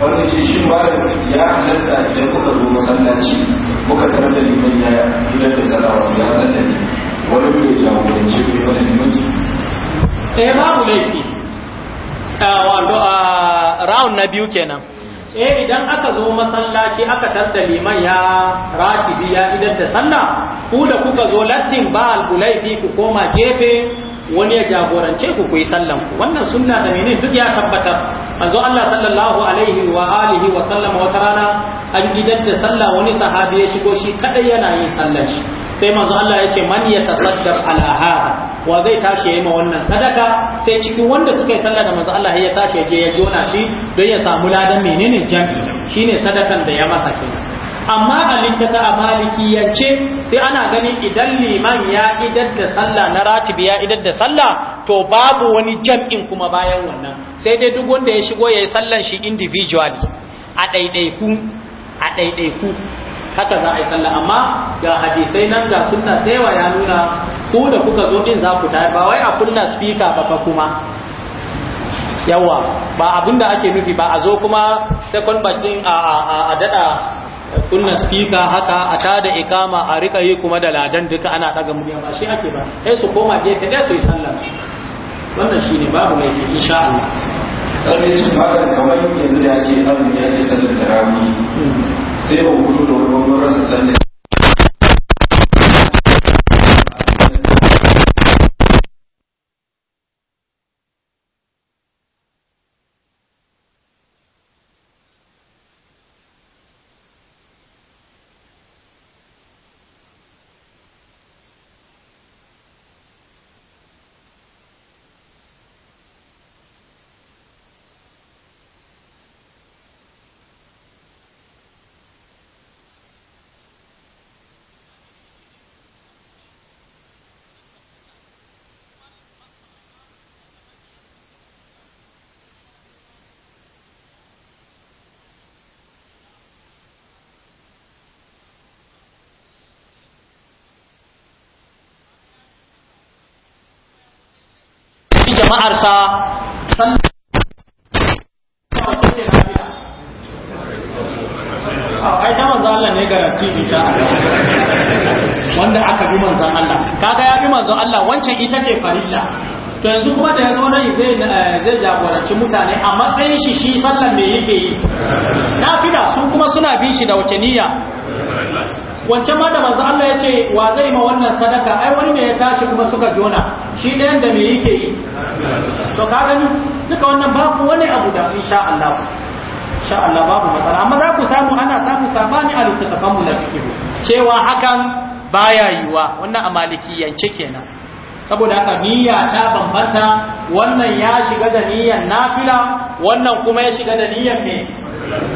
Speaker 4: wannan shi shi ba ya halatta idan kuka zo masallaci kuka karanta da liman ya gidan da salawa ya sallani wani bai jagoranci bai wani limanci
Speaker 1: eh babu laifi ah, wando a ah, round na biyu kenan eh idan aka zo masallaci aka tarda liman ya ratibi ya idan ta sanna, ku da kuka zo lattin ba al ku koma gefe wani ya jagorance ku kuyi sallan ku wannan sunna da ne duk ya tabbatar manzo Allah sallallahu alaihi wa alihi wa sallam wata rana an gidan da sallah wani sahabi ya shigo shi kadai yana yin sallan shi sai manzo Allah ya ce ya tasaddar ala hada wa zai tashi yayi ma wannan sadaka sai cikin wanda suka yi sallah da manzo Allah ya tashi ya je ya jona shi don ya samu ladan menene jami'i shine sadakan da ya masa kenan amma a littata a yace sai ana gani idan liman ya idar da sallah na ratibi ya idar da sallah to babu wani jam'in kuma bayan wannan sai dai duk wanda ya shigo ya yi sallan shi individually a ɗaiɗaiku a ɗaiɗaiku haka za a yi sallah amma ga hadisai nan ga sunna tsayawa ya nuna ko da kuka zo in za ku tayar ba wai a kunna speaker ba fa kuma yawa ba abinda ake nufi ba a zo kuma second batch a dada kunna speaker haka a tada ikama a rika yi kuma da ladan duka ana daga murya ba shi ake ba sai su koma gefe sai su yi
Speaker 4: sallah wannan shine babu mai shi insha Allah sai shi ba da kamar yanzu da ya ce azumi ya ce sallar tarawih hmm. sai ba hudu da wani rasa
Speaker 3: jama'arsa san
Speaker 1: oh, ai ta manzo Allah ne garanti ita wanda aka bi manzo Allah kaga ya bi manzo Allah wancan ita ce farilla to yanzu kuma da ya nan zai eh, zai jagoranci mutane a matsayin shi shi sallan me yake yi nafila su kuma suna bin shi da wace niyya wancan ma da manzo Allah ya ce wa zai ma wannan sadaka ai wani ne ya tashi kuma suka jona shi ɗayan da me yake yi to ka gani duka wannan babu wani abu da insha Allah insha Allah babu matsala amma za ku samu ana samu sabani a littattafan mu na fikir cewa hakan baya yiwa wannan a malikiyance kenan saboda haka niyya ta bambanta wannan ya shiga da niyyar nafila wannan kuma ya shiga da niyyar me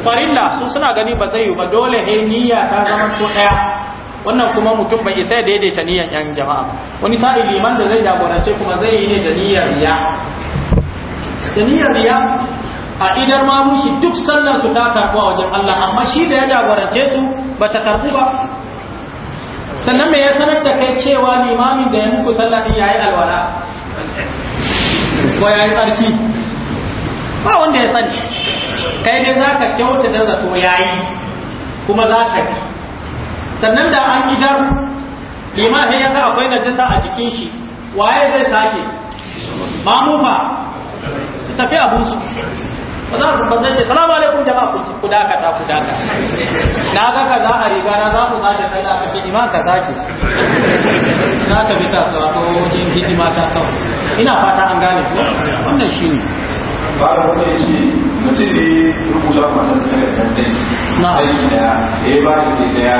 Speaker 1: farilla su suna gani ba zai yi ba dole ne niyya ta zama ko daya wannan kuma mutum bai isa ya daidaita niyyar yan jama'a wani sa'i liman da zai jagorance kuma zai yi ne da niyyar riya da niyyar riya a idar mushi duk sallar su ta karbu a wajen Allah amma shi da ya jagorance su ba ta karbu ba sannan me ya sanar da kai cewa limamin da ya muku sallah din yayi alwala ko yayi tsarki ba wanda ya sani kai dai zaka kyauta da zato yayi kuma zaka sannan da an idar liman ya ga akwai najasa a jikin shi waye zai sake mamu ba su tafi abun su ba za su bazai ce salamu alaikum jama'a ku ku dakata ku dakata na ga ka za a riga na za ku sake kai da kake iman ka sake za ka bi kasuwa ko yin hidima ta kawai ina
Speaker 4: fata an gane wannan shi ne ba da wani ce mutum ne rubuta matarsa ta karɓar sai sai da ya ba su sai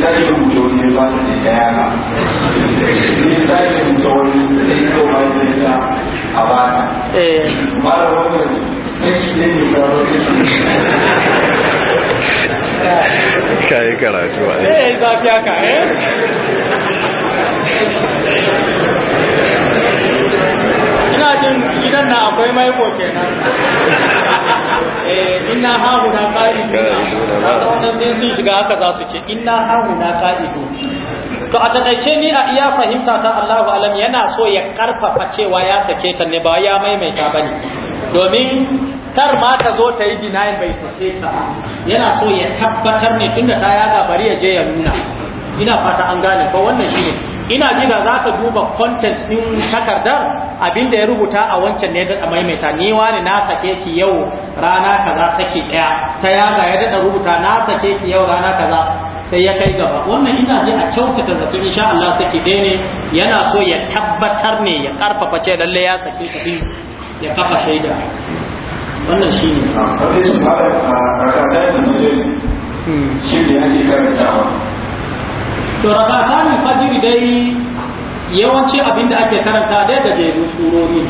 Speaker 4: ta in rubuta wani ya ba su sai in rubuta wani sai ta ba su sai a bana ba da wani sai ne ne ba
Speaker 3: su ka yi karatu a yi eh,
Speaker 1: eh ina jin gidan na akwai maiko kenan eh inna na qa'idu haka wannan sai sun shiga haka za su ce inna hauna kaidu to a taƙaice ni a iya fahimta ta Allahu alam yana so ya karfafa cewa ya sake ta ne ba ya maimaita bane domin kar ma ta zo ta yi dinayin bai sake ta yana so ya tabbatar ne tunda ta yada bari ya je ya nuna ina fata an gane ko wannan ne ina jira za ka duba content ɗin takardar abinda ya rubuta a wancan ne da maimaita ni wani na sake ki yau rana kaza saki ɗaya ta yaga ya daɗa rubuta na sake ki yau rana kaza sai ya kai gaba wannan ina ji a kyautata zato insha Allah saki ɗaya ne yana so ya tabbatar ne ya karfafa ce lalle ya sake ka din ya kafa shaida wannan shi ne
Speaker 4: ah, ah, hmm. ne ya
Speaker 1: to rakatan fajiri dai yawanci abin da ake karanta dai gajerun surori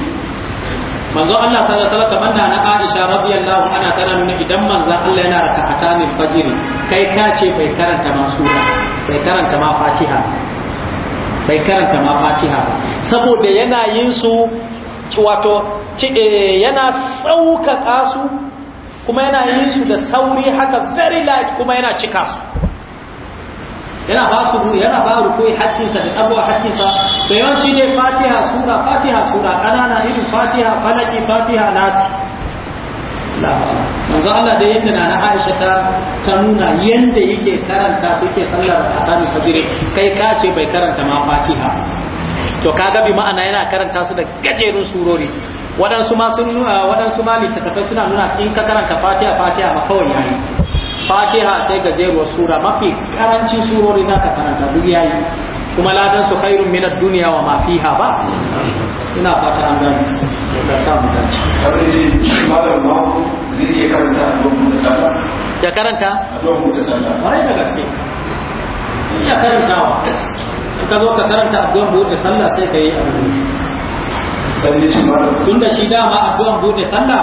Speaker 1: manzo Allah sallallahu alaihi wasallam na Aisha radiyallahu anha tana nuna idan manzo Allah yana rakata min fajiri kai ka ce bai karanta ma sura bai karanta ma fatiha bai karanta ma fatiha saboda yana yin su wato eh, yana sauka su kuma yana yin su da sauri haka very light kuma yana cika su
Speaker 3: yana ba su yana
Speaker 1: ba rukui hakkinsa da abuwa hakkinsa to yawanci ne fatiha sura fatiha sura ƙanana irin fatiha falaki fatiha nasi manzo Allah da yake na Aisha ta ta nuna yanda yake karanta su yake sallar rakatan fajire kai ka ce bai karanta ma fatiha to kaga bi ma'ana yana karanta su da gajerun surori waɗansu ma sun nuna waɗansu ma littattafai suna nuna in ka karanta fatiha fatiha ma kawai yayi fatiha sai wa sura mafi karanci surori na ka karanta duk yayi kuma ladan su khairun min ad-dunya wa ma fiha ba
Speaker 4: ina fata an gani da samu da ya karanta wai da gaske
Speaker 1: ya karanta in ka zo ka karanta addu'an buɗe sallah sai ka yi a rubutu tunda shi dama addu'an bude sallah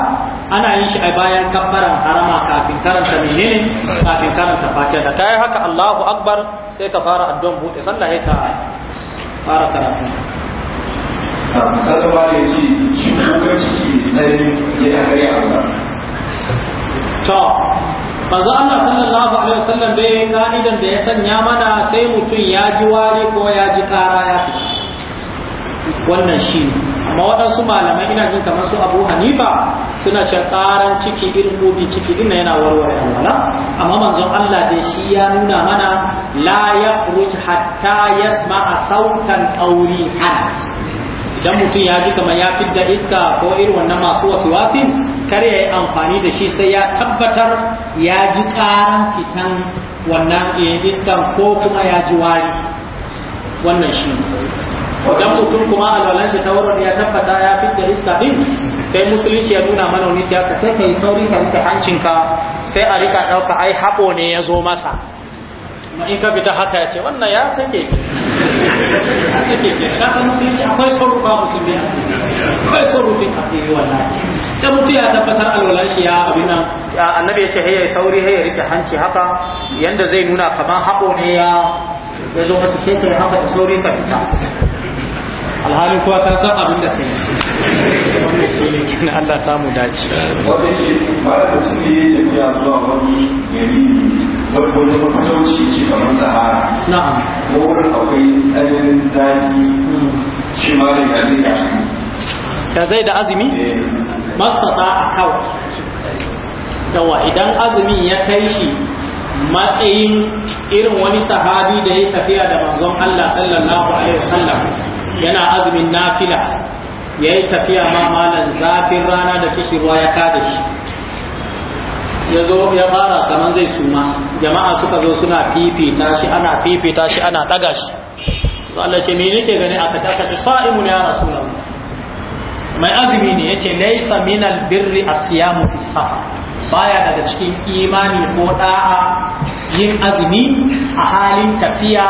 Speaker 1: ana yin shi a bayan kabbaran harama kafin karanta menene kafin karanta fatiha da kai haka Allahu akbar sai ka fara addu'an bude sallah sai ka fara karatu ah, sallah ya ci shugaban ciki sai ya kare Allah to manzo Allah sallallahu alaihi wasallam bai ka'idan da ya sanya mana sai mutum ya ji wari ko ya ji kara ya fita wannan shi amma waɗansu malamai ina jin kamar su abu hanifa suna cewa ƙaran ciki irin gobe ciki din yana warware alwala amma manzon Allah dai shi ya nuna mana la yakhruj hatta a sautan auri hana idan mutum ya ji kamar ya da iska ko irin wannan masu wasu kar ya yi amfani da shi sai ya tabbatar ya ji ƙaran fitan wannan eh, iskan ko kuma ya ji wari wannan shi wajen mutum kuma alwalan shi ta wurin ya tabbata ya fitta iska din sai musulunci ya nuna mana wani siyasa sai ka yi sauri ka rufe hancinka sai a rika ɗauka ai haɓo ne ya zo masa in ka fita haka ya ce wannan ya sake ya sake ke ka musulunci akwai sarufa musulmi asiri akwai sarufin asiri wallahi da mutum ya tabbatar alwalan shi ya abin nan annabi ya ce hayya sauri hayya rike hanci haka yanda zai nuna kamar haɓo ne ya ya zo masu sai ka haka da sauri ka fita alhalin kuwa ta san abin da kai wannan shi ne kina Allah samu dace wanda ce
Speaker 4: malakacin da ya tafiya zuwa wani gari wani matalauci ce kamar sahara na'am ko wurin akwai tsananin zafi shi ma da gari da
Speaker 1: da zai da azumi eh.
Speaker 4: mastata a
Speaker 3: kawai yawa idan
Speaker 1: azumi ya kai shi matsayin irin wani sahabi da ya tafiya da manzon Allah sallallahu alaihi wasallam yana azumin nafila ya yi tafiya ma malam zafin rana da kishirwa ya kada shi ya zo ya fara kamar zai suma jama'a suka zo suna fifita shi ana fifita shi ana daga shi Allah ce me nake gani a kace kace sa'imun ya rasulullah mai azumi ne yace laysa minal birri asyamu fi safa. baya daga cikin imani ko da'a yin azumi a halin tafiya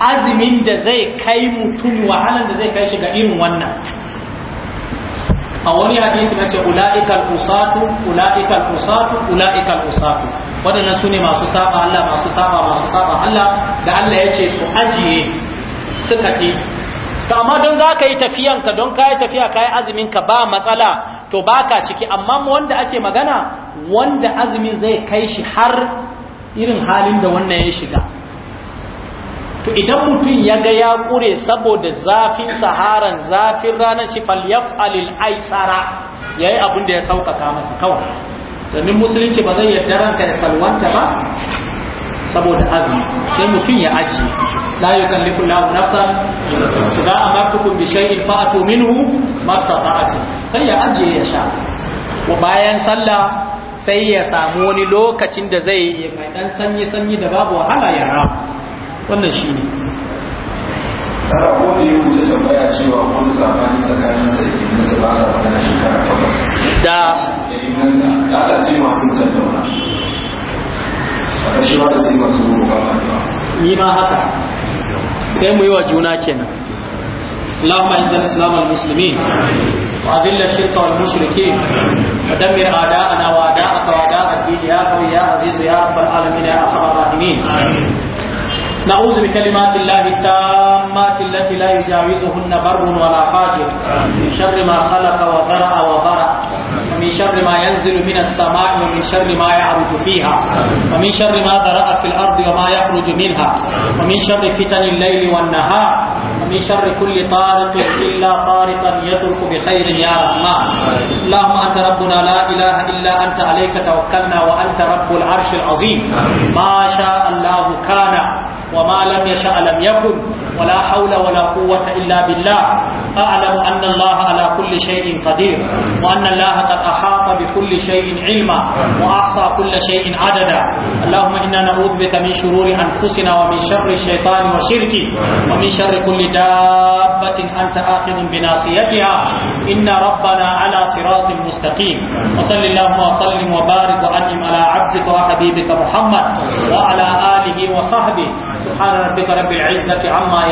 Speaker 1: azumin da zai kai mutum wahalan da zai kai shiga irin wannan a wani hadisi na ce ula'ikal usatu ula'ikal usatu ula'ikal usatu waɗannan su ne masu saba Allah masu saba masu saba Allah da Allah ya ce su ajiye suka ke to amma don za ka yi tafiyanka don ka yi tafiya ka yi ka ba matsala to ba ka ciki amma wanda ake magana wanda azumin zai kai shi har irin halin da wannan ya shiga to idan mutum ya ga ya ƙure saboda zafin saharan zafin ranar shi falyaf alil aisara ya yi abin da ya sauƙaƙa masa kawai domin musulunci ba zai yarda ranka ya salwanta ba saboda azumi sai mutum ya ajiye la yukallifu lahu nafsan idza amartukum bi shay'in fa'atu minhu mastata'tu sai ya ajiye ya sha wa bayan sallah sai ya samu wani lokacin da zai yi mai dan sanyi sanyi da babu wahala ya rabu wannan shi ne
Speaker 4: da ya ma haka da sai ma kun tattauna a ƙarshe ba da sai masu ba
Speaker 1: ni wa juna kenan اللهم اعز الاسلام والمسلمين واذل الشرك والمشركين ودمر اعداءنا واعداءك واعداء الدين يا قوي يا نعوذ بكلمات الله التامات التي لا يجاوزهن بر ولا حاجر من شر ما خلق وذرع وبرع ومن شر ما ينزل من السماء ومن شر ما يعرج فيها ومن شر ما ذرأ في الأرض وما يخرج منها ومن شر فتن الليل والنهار ومن شر كل طارق إلا طارقا يترك بخير يا رحمن اللهم أنت ربنا لا إله إلا أنت عليك توكلنا وأنت رب العرش العظيم ما شاء الله كان وما لم يشأ لم يكن ولا حول ولا قوة إلا بالله أعلم أن الله على كل شيء قدير وأن الله قد أحاط بكل شيء علما وأحصى كل شيء عددا اللهم إنا نعوذ بك من شرور أنفسنا ومن شر الشيطان وشركه ومن شر كل دابة أنت آخذ بناصيتها إن ربنا على صراط مستقيم وصل اللهم وسلم وبارك وأنعم على عبدك وحبيبك محمد وعلى آله وصحبه سبحان ربك رب العزة عما